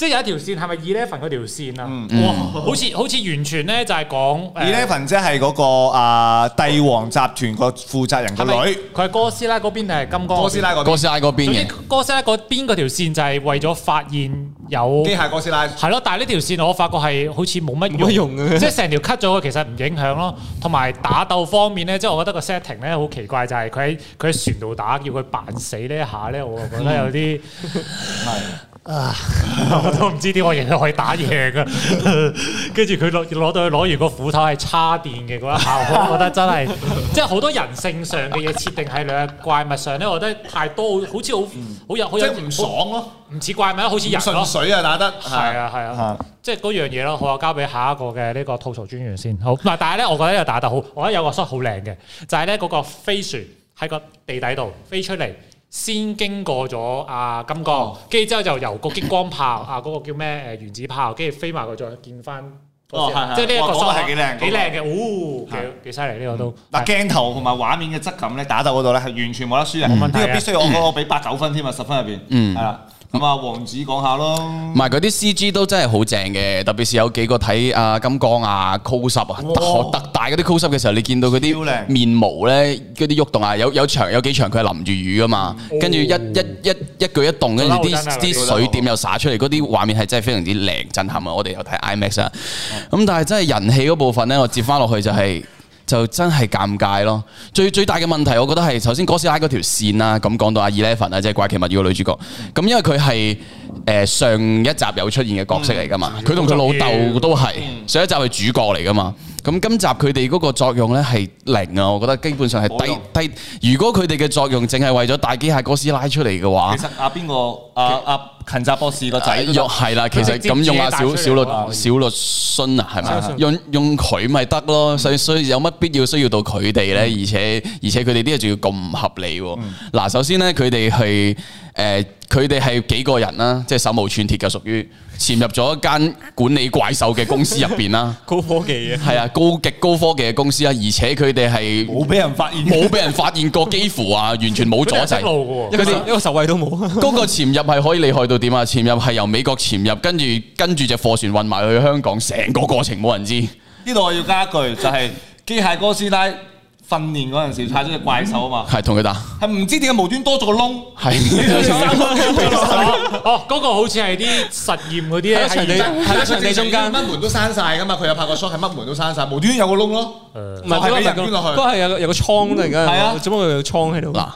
即係有一條線，係咪 Elephant 嗰條線啊？好似好似完全咧就係講 Elephant 即係嗰個啊帝王集團個負責人嘅女，佢係哥斯拉嗰邊定係金剛？哥斯拉嗰哥斯拉嗰邊，哥斯拉嗰邊嗰條線就係為咗發現有機械哥斯拉。係咯，但係呢條線我發覺係好似冇乜用，用即係成條 cut 咗，其實唔影響咯。同埋打鬥方面咧，即係 我覺得個 setting 咧好奇怪，就係佢喺佢喺船度打，要佢扮死呢一下咧，我啊覺得有啲係。啊！我都唔知點我仍然可以打贏嘅，跟住佢攞攞到攞完個斧頭係叉電嘅嗰一下，我覺得真係， 即係好多人性上嘅嘢設定喺兩 怪物上咧，我覺得太多，好似好好有好有即係唔爽咯、啊，唔似怪物，好似人咯。水啊打得係啊係啊，啊啊啊即係嗰樣嘢咯。我交俾下一個嘅呢個吐槽專員先。好嗱，但係咧，我覺得又打得好，我覺得有個 shot 好靚嘅，就係咧嗰個飛船喺個地底度飛出嚟。先經過咗啊金剛，跟住、嗯、之後就由個激光炮 啊嗰、那個叫咩誒原子炮，跟住飛埋佢再見翻。哦，即係呢一個係幾靚嘅，幾靚嘅，哦、嗯，幾幾犀利呢個都。嗱，鏡頭同埋畫面嘅質感咧，打鬥嗰度咧係完全冇得輸嘅。冇問題。呢個必須要我我俾八九分添啊，十分入邊。嗯。係啦。咁啊，王子講下咯。唔係，嗰啲 C G 都真係好正嘅，特別是有幾個睇啊金剛啊，枯濕啊，特特大嗰啲枯濕嘅時候，你見到嗰啲面毛咧，嗰啲喐動啊，有有長有幾長，佢係淋住雨啊嘛，跟住、哦、一一一一,一舉一動，跟住啲啲水點又灑出嚟，嗰啲畫面係真係非常之靚震撼啊！我哋又睇 IMAX 啊，咁、哦、但係真係人氣嗰部分咧，我接翻落去就係、是。就真係尷尬咯！最最大嘅問題，我覺得係首先哥斯拉嗰條線啦、啊，咁講到阿 Eleven 啊，即係怪奇物語個女主角。咁因為佢係誒上一集有出現嘅角色嚟噶嘛，佢同佢老豆都係、嗯、上一集係主角嚟噶嘛。咁今集佢哋嗰個作用咧係零啊，我覺得基本上係低用低。如果佢哋嘅作用淨係為咗大機械哥斯拉出嚟嘅話，其、啊啊啊啊，其實阿邊個阿阿勤查博士個仔用係啦，其實咁用阿小小律小律迅啊，係咪少？用用佢咪得咯，所以所以有乜必要需要到佢哋咧？而且而且佢哋啲嘢仲要咁唔合理喎。嗱、嗯，首先咧，佢哋係。誒，佢哋係幾個人啦，即係手無寸鐵嘅，屬於潛入咗一間管理怪獸嘅公司入邊啦。 高科技啊，係啊，高極高科技嘅公司啦，而且佢哋係冇俾人發現，冇俾人發現過， 幾乎啊完全冇阻滯，路啊、們一路個受惠都冇。嗰個潛入係可以厲害到點啊？潛入係由美國潛入，跟住跟住隻貨船運埋去香港，成個過程冇人知。呢度我要加一句，就係、是、機械哥斯拉。訓練嗰陣時踩咗隻怪獸啊嘛，係同佢打，係唔知點解無端多咗個窿，係 哦嗰、那個好似係啲實驗嗰啲啊，係一場地，係一場地中間乜門都閂晒㗎嘛，佢又拍個 shot 係乜門都閂晒，無端端有個窿咯，唔係俾人端落去，都係、嗯、有有個倉嚟㗎，係的啊，做乜會有倉喺度？嗱，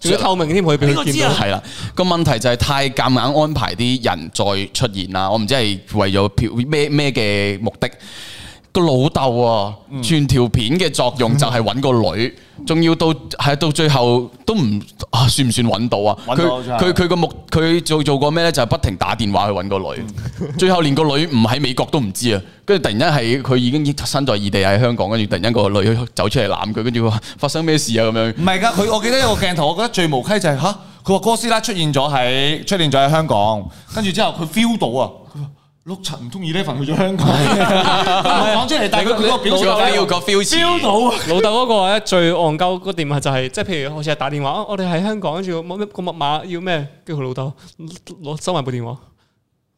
仲要透明添，俾佢見到？係啦，個問題就係太夾硬安排啲人再出現啦，我唔知係為咗票咩咩嘅目的。個老豆啊，全條片嘅作用就係揾個女，仲要到係到最後都唔，啊，算唔算揾到啊？佢佢佢個目佢做做過咩咧？就係、是、不停打電話去揾個女，嗯、最後連個女唔喺美國都唔知啊！跟住突然間係佢已經身在異地喺香港，跟住突然間個女走出嚟攬佢，跟住話發生咩事啊？咁樣唔係㗎，佢我記得有個鏡頭，我覺得最無稽就係、是、吓，佢話哥斯拉出現咗喺出現咗喺香港，跟住之後佢 feel 到啊！六層唔中意呢份去咗香港，講出嚟，但佢佢表象要個 feel 字 feel 到。老豆嗰個咧最戇鳩個點係就係，即係譬如好似係打電話，我哋喺香港跟住冇咩個密碼要咩，跟住佢老豆攞收埋部電話，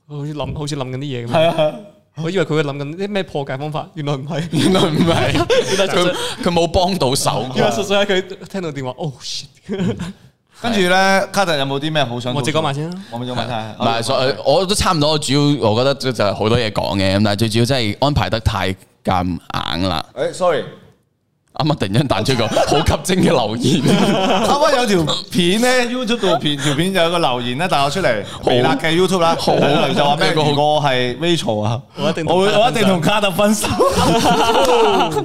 好似諗好似諗緊啲嘢咁。係啊，我以為佢會諗緊啲咩破解方法，原來唔係，原來唔係，佢佢冇幫到手。因為純粹係佢聽到電話跟住咧，卡特有冇啲咩好想？我直講埋先啦，我冇做埋晒。唔係對，好所以我都差唔多。我主要我覺得就係好多嘢講嘅，咁但係最主要真係安排得太夾硬啦。誒、欸、，sorry，啱啱突然彈出個好吸睛嘅留言，啱啱 有條片咧，YouTube 片條片就有個留言咧，彈我出嚟，微辣嘅 YouTube 啦，好，就話咩個係 Rachel 啊？好我，我一定，我我一定同卡特分手。分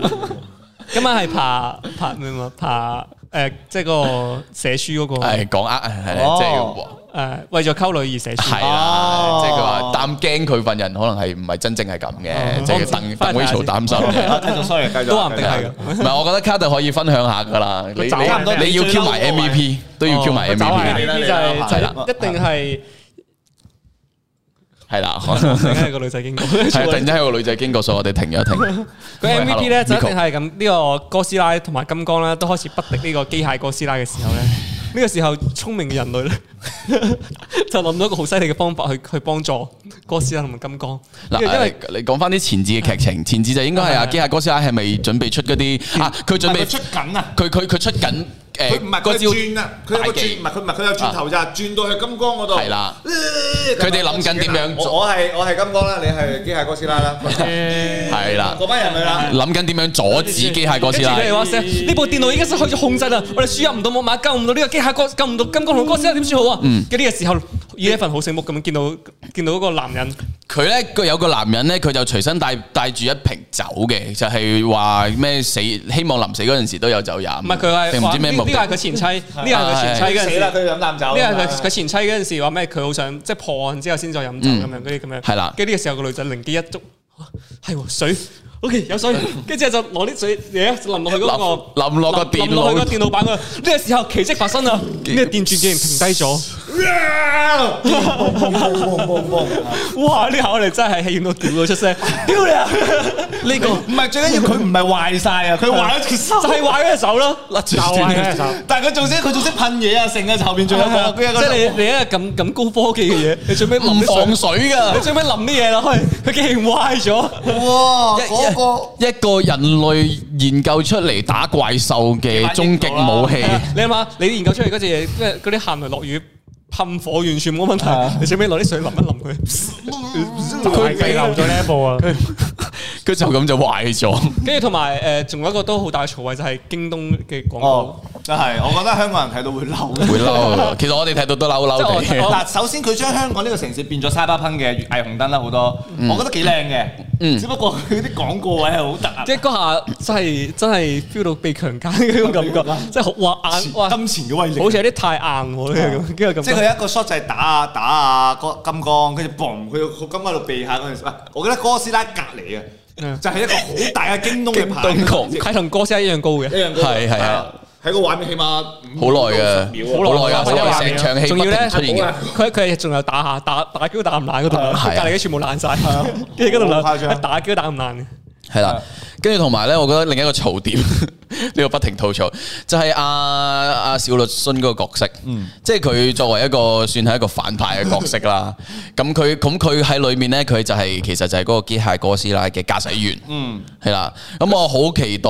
手 今晚係拍拍咩嘛？拍？誒，即係個寫書嗰個，係講呃，係即係誒，為咗溝女而寫書，係啦，即係佢話擔驚佢份人，可能係唔係真正係咁嘅，即係等鄧偉超擔心嘅。繼續衰，繼續。都話唔定係唔係？我覺得卡特可以分享下噶啦，你你你要 Q 埋 MVP，都要 Q 埋 MVP，係就一定係。係啦，可能係個女仔經過，係突然間係個女仔經過，所以我哋停咗一停。個 M V P 咧，就一定係咁。呢個哥斯拉同埋金剛咧，都開始不敵呢個機械哥斯拉嘅時候咧，呢個時候聰明嘅人類咧，就諗到一個好犀利嘅方法去去幫助哥斯拉同埋金剛。嗱，因為你講翻啲前置嘅劇情，前置就應該係啊，機械哥斯拉係咪準備出嗰啲啊？佢準備出緊啊！佢佢佢出緊。佢唔係個轉啊！佢個轉唔係，佢唔係佢有轉頭咋？轉到去金剛嗰度。係啦，佢哋諗緊點樣？我係我係金剛啦，你係機械哥斯拉啦。係啦，嗰班人去啦。諗緊點樣阻止機械哥斯拉？哇塞！呢部電腦已經實開始控制啦！我哋輸入唔到密碼，救唔到呢個機械哥，救唔到金剛同哥斯拉點算好啊？嘅呢個時候，伊一份好醒目咁樣見到見到嗰個男人。佢咧佢有個男人咧，佢就隨身帶帶住一瓶酒嘅，就係話咩死希望臨死嗰陣時都有酒飲。唔係佢係唔知咩？呢個係佢前妻，呢個係佢前妻 死啦！佢飲啖酒，呢個係佢前妻嗰陣時話咩？佢好想即破案之後先再飲酒咁樣嗰啲咁樣，係啦。呢個時候，個女仔靈機一觸，係、啊哎、水。O K，有水，跟住就攞啲水嘢就淋落去嗰個，淋落個電腦，淋落去個電路板嘅。呢個時候，奇迹發生啦，呢個電鑽竟然停低咗。哇！呢下我哋真係氣到屌到出聲。丟啦！呢個唔係最緊要，佢唔係壞晒啊，佢壞咗隻手，就係壞咗隻手咯。扭斷嘅隻手。但係佢仲識佢仲識噴嘢啊！成個後邊仲有個，即係你你一個咁咁高科技嘅嘢，你做咩唔防水噶？你做咩淋啲嘢落去？佢竟然壞咗。哇！一我 一個人類研究出嚟打怪獸嘅終極武器，你諗下，你研究出嚟嗰隻嘢，即係嗰啲行雷落雨噴火，完全冇問題。是的 你最尾攞啲水淋一淋佢， 就係費牛咗呢一步啊！佢就咁就壞咗。跟住同埋誒，仲有一個都好大嘈位，就係、是、京東嘅廣告，就係、哦、我覺得香港人睇到會嬲，會嬲。其實我哋睇到都嬲嬲嘅。嗱，首先佢將香港呢個城市變咗沙巴噴嘅霓虹燈啦，好多，嗯、我覺得幾靚嘅。嗯、只不過佢啲廣告位係好突兀。嗯、即嗰下真係真係 feel 到被強姦嗰種感覺，嗯嗯、即好哇硬哇錢金錢嘅威力，好似有啲太硬喎，佢一個 shot 就係打啊打啊金剛，跟住嘣佢個金剛喺度避下嗰陣我記得哥斯拉隔離啊。就係一個好大嘅京東嘅牌，佢同哥斯拉一樣高嘅，係係啊，喺個畫面起碼好耐嘅，好耐啊，成場戲不停出現嘅，佢佢係仲有打下打打交打唔爛嗰套牌，隔籬嘅全部爛晒，你嗰度打交都打唔爛係啦，跟住同埋咧，我覺得另一個槽點，呢 個不停吐槽，就係阿阿小栗旬嗰個角色，嗯、即係佢作為一個算係一個反派嘅角色啦。咁佢咁佢喺裏面咧，佢就係、是、其實就係嗰個機械哥斯拉嘅駕駛員。嗯，係啦。咁我好期待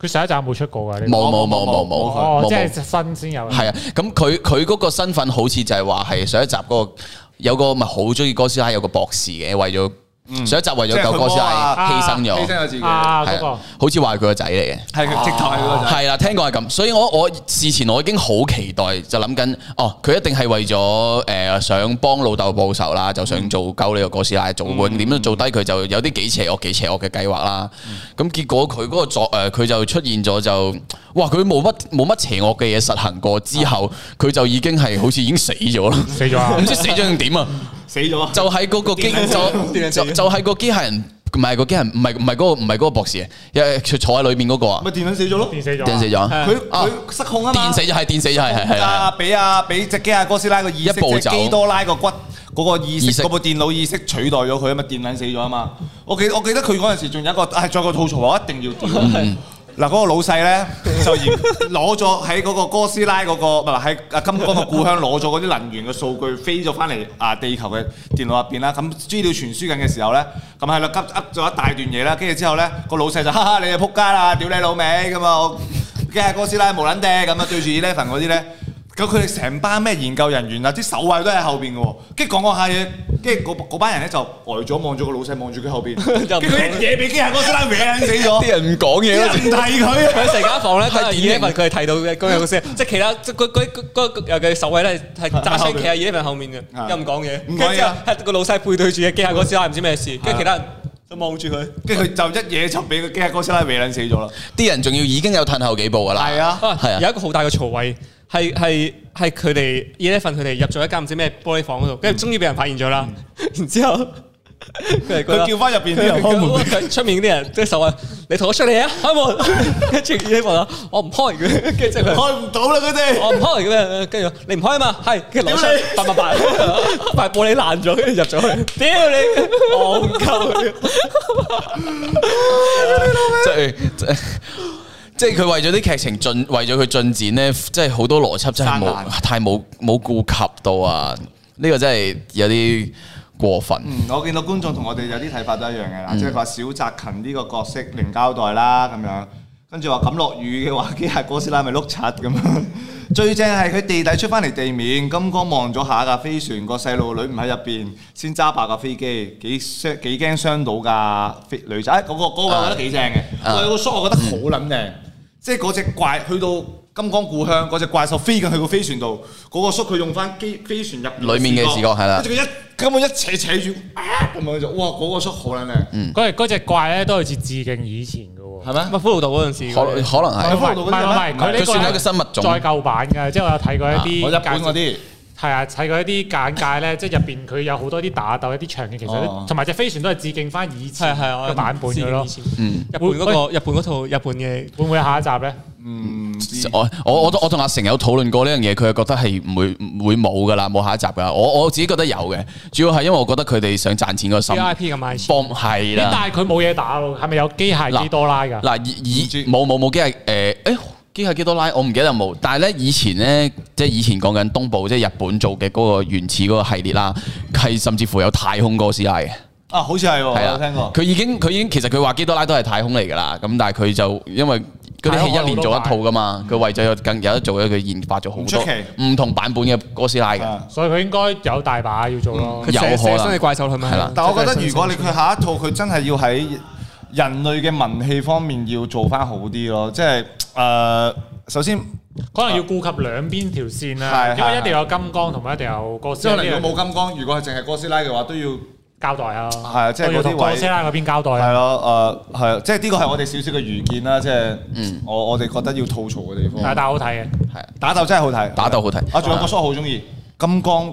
佢上一集冇出過噶。冇冇冇冇冇，哦，即係新鮮有係啊沒。咁佢佢嗰個身份好似就係話係上一集嗰、那個有個咪好中意哥斯拉有個博士嘅為咗。上一集為咗救哥斯拉犧牲咗，犧牲咗自己，係啊，好似話佢個仔嚟嘅，係佢直頭，佢個仔，係啦，聽講係咁，所以我我事前我已經好期待，就諗緊，哦，佢一定係為咗誒想幫老豆報仇啦，就想做救呢個哥斯拉，做點樣做低佢就有啲幾邪惡幾邪惡嘅計劃啦。咁結果佢嗰個作誒佢就出現咗就，哇！佢冇乜冇乜邪惡嘅嘢實行過之後，佢就已經係好似已經死咗啦，死咗？唔知死咗定點啊？死咗就喺嗰個機就就就係個機械人，唔係個機械人，唔係唔係嗰個唔係個博士啊，因為坐坐喺裏面嗰個啊，咪電死咗咯，電死咗，電死咗，佢佢失控啊嘛，電死咗係電死咗係係啊，俾啊俾隻機械哥斯拉個意識，基多拉個骨嗰個意識，部電腦意識取代咗佢啊嘛，電撚死咗啊嘛，我記我記得佢嗰陣時仲有一個係在個吐槽話一定要嗱，嗰個老細咧就而攞咗喺嗰個哥斯拉嗰個，唔係喺啊金剛個故鄉攞咗嗰啲能源嘅數據飛咗翻嚟啊地球嘅電腦入邊啦，咁資料傳輸緊嘅時候咧，咁係啦，吸噏咗一大段嘢啦，跟住之後咧個老細就哈哈，你又撲街啦，屌你老味咁啊，嘅哥斯拉無撚敵咁啊，對住 Eleven 嗰啲咧。佢哋成班咩研究人員啊，啲守衞都喺後邊嘅喎，跟住講講下嘢，跟住嗰班人咧就呆咗望住個老細，望住佢後邊，跟住一嘢俾機械哥斯拉搲撚死咗。啲人唔講嘢咯，淨提佢佢成間房咧，睇葉一文佢係提到嘅嗰樣嘅，即係其他即係嗰嗰嗰嗰又守衞咧係紮實企喺葉一文後面嘅，又唔講嘢。唔可以啊！個老細背對住嘅機械哥斯拉唔知咩事，跟住其他人就望住佢，跟住佢就一嘢就俾個機械哥斯拉搲撚死咗啦。啲人仲要已經有褪後幾步噶啦，係啊，係啊，有一個好大嘅錯位。係係係佢哋 Elephant，佢哋入咗一間唔知咩玻璃房嗰度，跟住終於俾人發現咗啦、嗯。然之後佢、這個、叫翻入邊啲人開門，出面嗰啲人即係手話：你同我出嚟啊！開門，跟住 Elephant 話：我唔開嘅。跟住佢開唔到啦佢哋。」我唔開嘅，跟住你唔開啊嘛？係，跟住攞出嚟八八八，但係玻璃爛咗，跟住入咗去。屌你，戇鳩！啊！ 係再 即係佢為咗啲劇情進，為咗佢進展咧，即係好多邏輯真係冇太冇冇顧及到啊！呢個真係有啲過分。嗯，我見到觀眾同我哋有啲睇法都一樣嘅啦，即係話小澤勤呢個角色零交代啦咁樣，跟住話咁落雨嘅話，機械哥斯拉咪碌柒咁啊！最正係佢地底出翻嚟地面，金剛望咗下架飛船，個細路女唔喺入邊，先揸白架飛機，幾傷幾驚傷到㗎飛女仔嗰個，嗰個我覺得幾正嘅，個叔我覺得好撚正。即係嗰隻怪去到金剛故鄉，嗰隻怪獸飛緊去個飛船度，嗰、嗰個叔佢用翻機飛船入面，裡面嘅視覺係啦。跟住佢一根本一扯扯住，咁樣就哇嗰、嗰個叔、嗯、好撚靚。嗰嗰隻怪咧都係似致敬以前嘅喎。係咩嗎？唔係《骷髏島》嗰陣時。可能可能係。唔係唔係，佢算係一個新物種。再舊版嘅，即係我有睇過一啲、啊。我一啲。係啊，睇佢一啲簡介咧，即係入邊佢有好多啲打鬥一啲場景，其實同埋隻飛船都係致敬翻以前嘅版本嘅咯。以前嗯、日本嗰、那個、唉日本套日本嘅，會唔會下一集咧？嗯，我我我同阿成有討論過呢樣嘢，佢係覺得係唔會唔會冇㗎啦，冇下一集㗎。我我自己覺得有嘅，主要係因為我覺得佢哋想賺錢個心。V I P 咁買，但係佢冇嘢打喎，係咪有機械基多拉㗎？嗱，以冇冇冇機械誒？嗯欸機械基多拉我唔記得有冇，但係咧以前咧，即係以前講緊東部，即係日本做嘅嗰個原始嗰個系列啦，係甚至乎有太空哥斯拉嘅。啊，好似係，哦，係啊的，聽過。佢已經佢已經，其實佢話基多拉都係太空嚟㗎啦，咁但係佢就因為嗰啲戲一年做一套㗎嘛，佢為咗有更有，有得做咧，佢研發咗好多唔同版本嘅哥斯拉嘅，的所以佢應該有大把要做咯。的射射生嘅怪獸係咪？係啦，嗯嗯，但係我覺得如果你佢下一套佢真係要喺人類嘅文氣方面要做翻好啲咯，即係誒首先可能要顧及兩邊條線啦，因為一定有金剛同埋一定有哥斯拉。即係如果冇金剛，如果係淨係哥斯拉嘅話，都要交代啊。係啊，即係嗰啲哥斯拉嗰邊交代。係咯，誒係啊，即係呢個係我哋少少嘅愚見啦，即係我我哋覺得要吐槽嘅地方。係，但係好睇嘅，係打鬥真係好睇，打鬥好睇。啊，仲有個叔好中意金剛。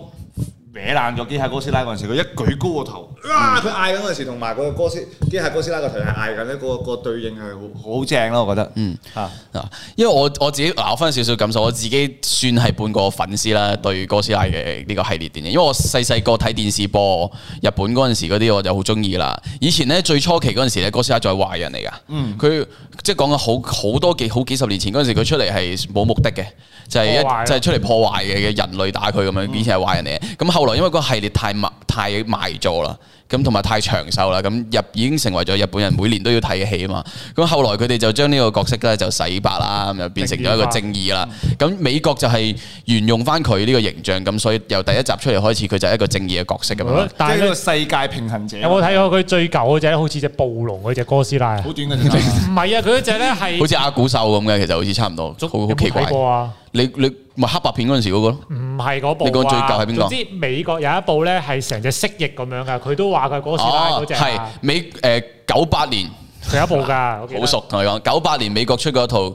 歪爛咗機械哥斯拉嗰陣時，佢一舉高個頭，啊！佢嗌緊嗰陣時，同埋個哥斯機械哥斯拉個頭係嗌緊呢個個對應係好好正咯，我覺得。嗯。嚇、嗯。因為我我自己咬翻少少感受，我自己算係半個粉絲啦，對於哥斯拉嘅呢個系列電影，因為我細細個睇電視播日本嗰陣時，嗰啲我就好中意啦。以前呢，最初期嗰陣時咧，哥斯拉就係壞人嚟噶。佢、嗯、即係講緊好好多好幾好幾十年前嗰陣時，佢出嚟係冇目的嘅，就係、是、一就係出嚟破壞嘅人類打佢咁樣，變成係壞人嚟嘅。咁後因為個系列太埋太賣座啦。咁同埋太長壽啦，咁日已經成為咗日本人每年都要睇嘅戲啊嘛。咁後來佢哋就將呢個角色咧就洗白啦，咁就變成咗一個正義啦。咁、嗯、美國就係沿用翻佢呢個形象，咁所以由第一集出嚟開始，佢就係一個正義嘅角色咁樣。但係是呢個世界平衡者。有冇睇過佢最舊嗰隻？好似隻暴龍嗰隻哥斯拉好短嘅。唔係 啊，佢嗰隻咧係好似阿古獸咁嘅，其實好似差唔多，好好總奇怪。有有你你咪黑白片嗰陣時嗰、那個？唔係嗰部啊。你講最舊係邊個，總之美國有一部咧係成隻蜥蜴咁樣噶，佢都。話佢係哥斯拉嗰隻，係美誒九八年第一部噶好熟。同你講九八年美國出過一套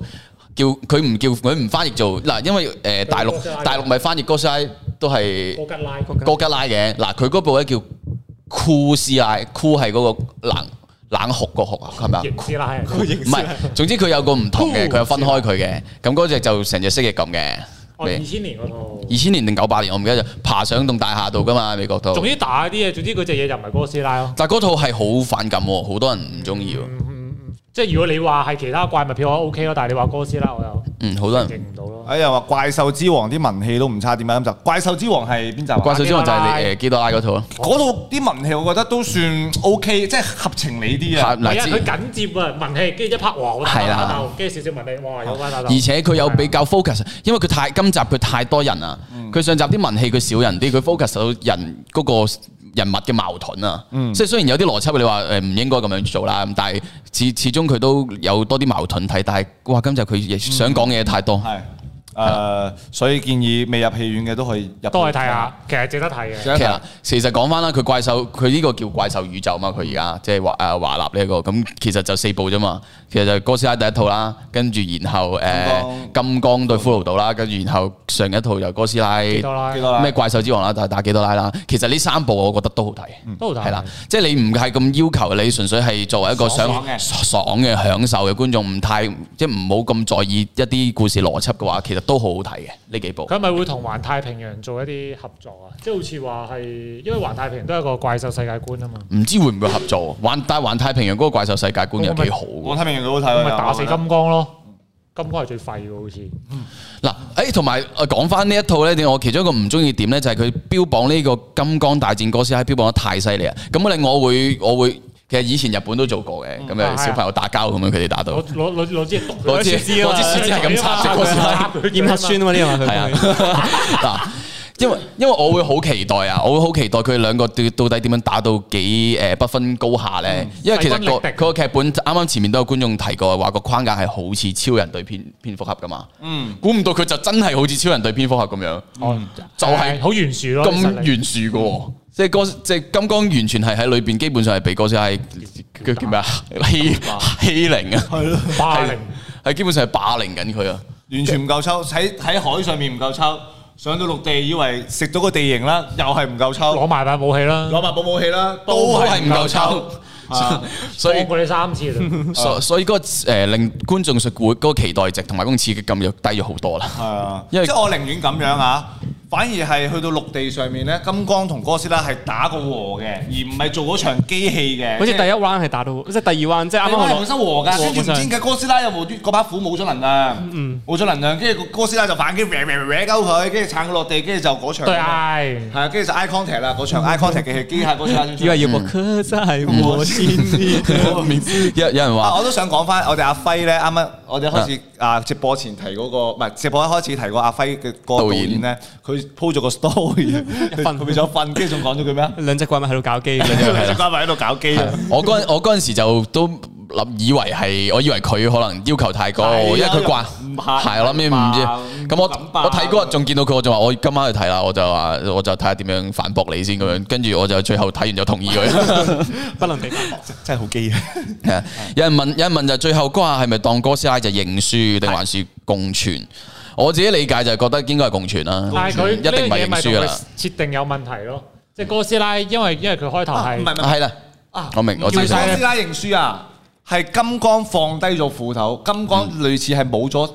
叫佢唔叫佢唔翻譯做嗱，因為誒大陸大陸咪翻譯哥斯拉都係哥吉拉，哥吉拉嘅，嗱，佢嗰部咧叫酷斯拉，酷係嗰個冷冷酷個酷，係咪啊？酷斯拉，係，唔係，總之佢有個唔同嘅，佢有分開佢嘅，咁嗰隻就成隻蜥蜴咁嘅。哦，二千年嗰套，二千年定九八年我唔記得咗。爬上棟大廈度㗎嘛，美國套。總之大啲嘢，總之嗰隻嘢就唔係哥斯拉咯。但係嗰套係好反感，好多人唔中意。嗯即係如果你話係其他怪物票，我 O K 咯，但係你話歌斯啦，我又嗯，好多人認唔到咯。哎又話怪獸之王啲文戲都唔差，點解咁就？怪獸之王係邊集？怪獸之王，獸之王就係誒幾多 I 嗰套咯。嗰套啲文戲我覺得都算 O、OK, K，、嗯、即係合情理啲啊。佢、啊、緊接啊文戲，跟住一拍王，拍王，跟住、啊、少少文戲、哦，有而且佢有比較 focus，因為佢太今集佢太多人啊，佢、嗯、上集啲文戲佢少人啲，佢 focus 到人嗰、那個。人物嘅矛盾啊，即係、嗯、雖然有啲邏輯，你話誒唔應該咁樣做啦，但係始始終佢都有多啲矛盾睇，但係哇，今日佢亦想講嘅嘢太多，係誒，所以建議未入戲院嘅都可以入，都去睇下，看其實值得睇嘅。其實講翻啦，佢怪獸，佢呢個叫怪獸宇宙嘛，佢而家即係華誒華納呢個，咁其實就四部啫嘛。其實就哥斯拉第一套啦，跟住然後誒港、呃、金剛對骷髏島啦，跟住然後上一套就哥斯拉咩怪獸之王啦，就打幾多拉啦。其實呢三部我覺得都好睇，都好睇。係啦的，即係、嗯、你唔係咁要求，你純粹係作為一個想爽嘅享受嘅觀眾，唔太即係唔好咁在意一啲故事邏輯嘅話，其實都好好睇嘅呢幾部。佢係咪會同環太平洋做一啲合作啊？即、就、係、是、好似話係，因為環太平洋都係個怪獸世界觀啊嘛。唔、嗯、知會唔會合作？環但係環太平洋嗰個怪獸世界觀又幾好。咪打死金剛咯，金剛係最廢嘅好似。嗱、嗯，誒，同埋誒，講翻呢一套咧，點我其中一個唔中意點咧，就係佢標榜呢個金剛大戰哥斯拉標榜得太犀利啊！咁我哋我會我會，其實以前日本都做過嘅，咁嘅、嗯、小朋友打交咁樣，佢哋、嗯嗯、打到攞攞攞支竹，攞支攞支樹枝係咁插住，驗核酸啊嘛，呢樣係啊嗱。因為因為我會好期待啊，我會好期待佢哋兩個到到底點樣打到幾誒不分高下咧？因為其實佢佢個劇本啱啱前面都有觀眾提過話個框架係好似超人對蝙蝙蝠俠噶嘛。嗯，估唔到佢就真係好似超人對蝙蝠俠咁樣。嗯，就係好懸殊咯，咁懸殊噶，即係哥即係金剛完全係喺裏邊，基本上係被哥斯拉佢叫咩啊欺欺凌啊，係咯，是霸凌係基本上係霸凌緊佢啊，完全唔夠抽喺喺海上面唔夠抽。上到陸地，以為食到個地形啦，又係唔夠抽，攞埋把武器啦，攞埋把武器啦，都係唔夠抽，所以過你三次啦。所所以嗰個誒令觀眾説會嗰個期待值同埋嗰個刺激感又低咗好多啦。係啊，因為即係我寧願咁樣啊。反而係去到陸地上面咧，金剛同哥斯拉係打過和嘅，而唔係做嗰場機器嘅。好似第一 round 係打到，即係第二 round 即係啱啱我落咗和㗎，完全唔知嘅。哥斯拉有冇端嗰把斧冇咗能量，冇咗、嗯、能量，跟住哥斯拉就反擊，搲搲搲鳩佢，跟住撐佢落地，跟住就嗰場。對跟住就 iconic 啦嗰場 iconic 嘅機，機械哥斯拉。為要、嗯、我真係和先有人話、 啊、我都想講翻，我哋阿輝咧啱啱我哋開始啊，啊直播前提嗰、那個，唔係直播一開始提過阿輝嘅個導演咧，鋪咗個 story，瞓佢想瞓，跟住仲講咗句咩啊？兩隻怪物喺度搞基。兩隻怪物喺度搞基 我嗰我嗰陣時就都諗以為係，我以為佢可能要求太高，的因為佢慣，唔係我諗咩唔知。咁怕我怕我睇嗰日仲見到佢，我仲話我今晚去睇啦，我就話我就睇下點樣反駁你先咁樣，跟住我就最後睇完就同意佢。 不能反駁，真係好基啊！有人問，有人問就最後嗰下係咪當哥斯拉就認輸定還是共存？我自己理解就係覺得應該係共存啦，但係佢一定唔係認輸啦，設定有問題咯，即係哥斯拉，因為因為佢開頭係唔係係啦，我明我知，叫哥斯拉認輸啊，係金剛放低咗斧頭，金剛類似係冇咗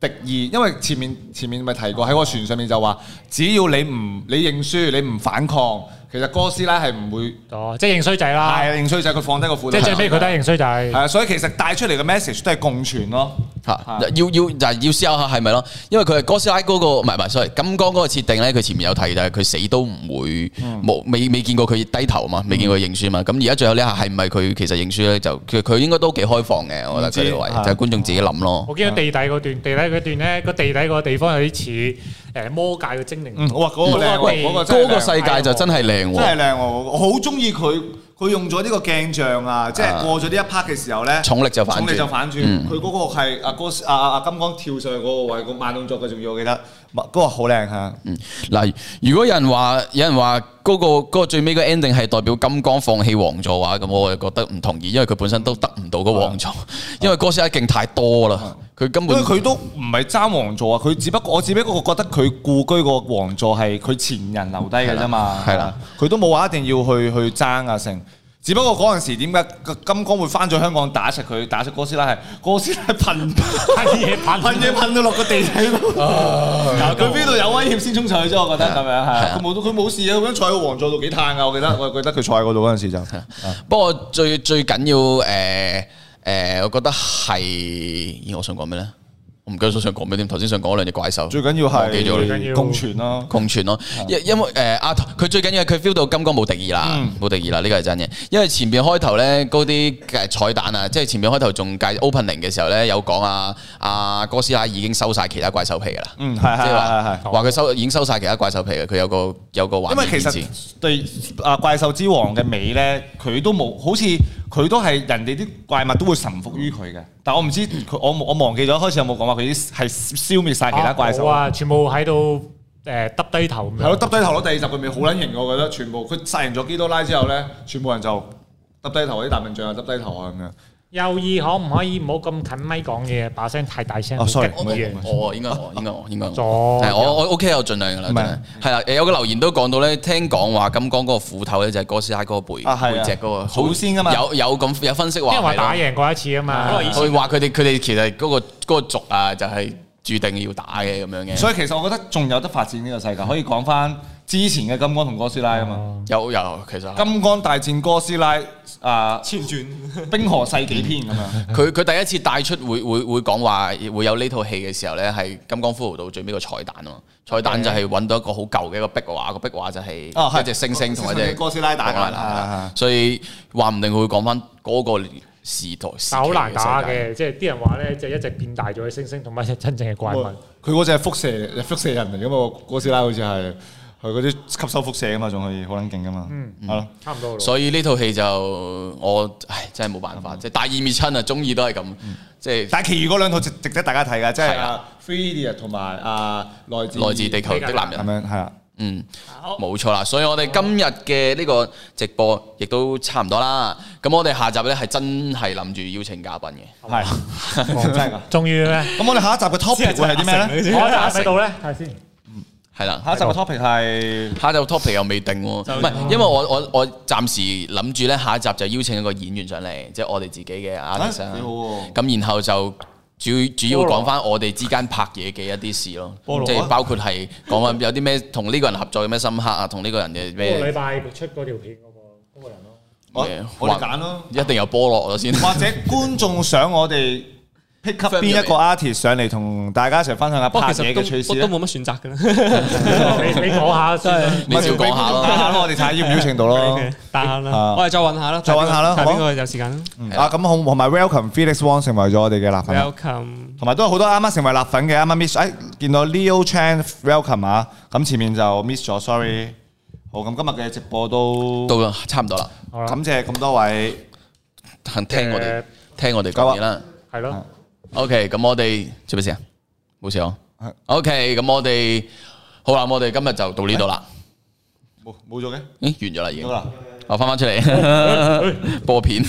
敵意，因為前面前面咪提過喺個船上面就話，只要你唔你認輸，你唔反抗，其實哥斯拉係唔會哦，即係認衰仔啦，太認衰仔，佢放低個斧頭，即係最尾佢都係認衰仔，係啊，所以其實帶出嚟嘅 message 都係共存咯。嚇、啊！要要就係要思考下係咪咯？因為佢係哥斯拉嗰、那個，唔係唔係所謂金剛嗰個設定咧。佢前面有提，但係佢死都唔會冇，未未、嗯、見過佢低頭嘛，未見過佢認輸嘛。咁而家最後呢下係唔係佢其實認輸咧？就佢佢應該都幾開放嘅，我覺得佢位、啊、就係觀眾自己諗咯。我見到地底嗰段，地底嗰段咧個地底個地方有啲似誒魔界嘅精靈。嗯、哇！嗰、那個地嗰個世界就真係靚、啊，真係靚、啊啊！我好鍾意佢。佢用咗呢個鏡像啊，即係過咗呢一 part 嘅時候咧，重力就反重力就反轉。佢嗰、嗯、個係阿哥斯阿阿金剛跳上嚟嗰個位個慢動作嘅，仲要我記得，嗰、嗰個好靚嚇。嗯，嗱，如果有人話有人話嗰、嗰個嗰個最尾個 ending 係代表金剛放棄王座嘅話，咁我就覺得唔同意，因為佢本身都得唔到個王座，嗯、因為哥斯拉勁太多啦。嗯。佢根本，佢都唔係爭皇座啊！佢只不過，我只不過覺得佢故居個皇座係佢前人留低嘅啫嘛。係啦的，佢都冇話一定要去去爭啊！成，只不過嗰陣時點解金剛會翻咗香港打實佢，打實哥斯拉係哥斯拉噴噴嘢，噴嘢噴到落個地底度。嗱、 啊，佢邊度有威脅先衝上去啫？我覺得係咪啊？佢冇的，佢冇事啊！佢咁坐喺個皇座度幾嘆啊。我記得，我係覺得佢坐喺嗰度嗰陣時就。不過最最緊要誒。呃誒、呃，我覺得係，我想講咩咧？我唔記得我想講咩添。頭先想講兩隻怪獸，最緊要係，記住啦，共存啦，共存咯。因存、啊、因為誒，阿、呃、佢最緊要係佢 feel 到金剛冇敵意啦，冇敵意啦，呢個係真嘅，因為前邊開頭咧嗰啲誒彩蛋啊，即係前面開頭仲介紹 opening 嘅時候咧，有講啊，阿、啊、哥斯拉已經收晒其他怪獸皮噶啦。嗯，係係話佢收已經收晒其他怪獸皮嘅，佢有個有個畫面。因為其實對阿怪獸之王嘅尾咧，佢都冇好似。佢都係人哋啲怪物都會臣服於佢嘅，但我唔知佢我我忘記咗開始有冇講話佢啲係消滅晒其他怪獸？哇、啊啊！全部喺度誒耷低頭咁樣。係咯，耷低頭咯。第二集佢咪好撚型我覺得，全部佢殺完咗基多拉之後咧，全部人就耷低頭，啲大笨象又耷低頭啊咁樣。有意可唔可以唔好咁近咪講嘢，把聲太大聲。啊，sorry，我應該我應該我應該我。哦，係我我 OK，我盡量噶啦，真係。係啊，有個留言都講到咧，聽講話金剛嗰個斧頭咧就係哥斯拉嗰個背背脊嗰個。好先啊嘛。有有咁有分析話。因為話打贏過一次啊嘛。所以話佢哋佢哋其實嗰個嗰個族啊就係。注定要打嘅咁樣嘅，嗯、所以其實我覺得仲有得發展呢個世界，嗯、可以講翻之前嘅金剛同哥斯拉啊嘛。有有，其實金剛大戰哥斯拉啊，前、呃、轉傳冰河世紀篇咁、嗯、樣。佢佢、嗯嗯、第一次帶出會會會講話會有呢套戲嘅時候呢，係金剛骷髏島到最尾個彩蛋啊嘛。嗯、彩蛋就係揾到一個好舊嘅一個壁畫，個壁畫就係一隻猩猩同埋隻哥斯拉打埋啦。啊、所以話唔定會講翻嗰個。時代，好難打嘅，即係啲人話咧，即係一隻變大咗嘅猩猩，同埋真正嘅怪物。佢嗰隻係輻射，輻射人嚟噶嘛？哥斯拉好似係，佢嗰啲吸收輻射啊嘛，仲可以好撚勁噶嘛。嗯，係咯，差唔多。所以呢套戲就我，唉，真係冇辦法，即係大義滅親啊，中意都係咁。即係，但係其餘嗰兩套值值得大家睇嘅，即係啊《Freddy》同埋啊《來自來自地球的男人》咁樣，係啊。嗯，冇錯好啦，所以我哋今日嘅呢個直播亦都差唔多啦。咁我哋下集咧，係真係諗住邀請嘉賓嘅，係，真係噶仲要咩？咁我哋下一集嘅 topic 會係啲咩咧？我睇到咧，睇先。嗯，係啦，下一集嘅 topic 係，下一集嘅 topic top 又未定喎、啊，唔係， 因為我我我暫時諗住咧，下一集就邀請一個演員上嚟，即、就、係、是、我哋自己嘅阿 Alex，幾好喎。咁然後就。主要主要講翻我哋之間拍嘢嘅一啲事咯，啊、即係包括係講翻有啲咩同呢個人合作有咩深刻啊，同呢個人嘅咩？個禮拜出嗰條片嗰個嗰個人咯。好，我嚟揀咯，一定有菠蘿咯先。或者觀眾想我哋 pick 邊一個 artist 上嚟同大家一齊分享下拍嘢嘅趣事都冇乜選擇噶啦， 你講下先，唔少講下咯，打喊我哋睇下邀唔邀請到咯，得閒啦，我哋再揾下啦，再揾下啦，邊個有時間啦？啊，咁同同埋 welcome Felix Wong 成為咗我哋嘅辣粉，welcome，同埋都有好多啱啱成為辣粉嘅啱啱 miss，哎，見到 Leo Chan welcome 啊，咁前面就 miss 咗，sorry，好，咁今日嘅直播都都差唔多啦，感謝咁多位聽我哋聽我哋講嘢啦，係咯。OK，咁我哋做乜事啊？冇事哦。OK，咁我哋好啦，我哋今日就到呢度啦。冇冇咗嘅，咦？完咗啦，已經。好啦，我翻翻出嚟 播片，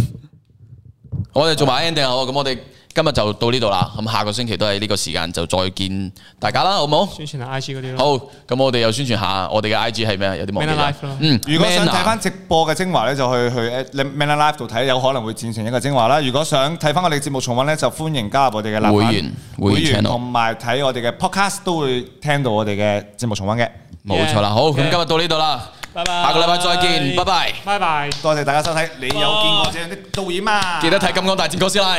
我哋做埋 ending 好。咁我哋。今日就到呢度啦，咁下個星期都係呢個時間就再見大家啦，好唔好？宣傳下 I G 嗰啲咯。好，咁我哋又宣傳下我哋嘅 I G 係咩？有啲冇？忘記啦。Man Life 咯。嗯。Man 如果想睇翻直播嘅精華咧，就去去 At Man Life 度睇，有可能會剪成一個精華啦。如果想睇翻我哋節目重溫咧，就歡迎加入我哋嘅會員會員 channel，同埋睇我哋嘅 Podcast 都會聽到我哋嘅節目重溫嘅。冇錯啦，好，咁 Yeah. 今日到呢度啦。Bye bye 下個禮拜再見，拜拜，拜拜，多謝大家收睇，你有見過這樣的導演嗎？啊？Bye 記得睇《金剛大戰哥斯拉》。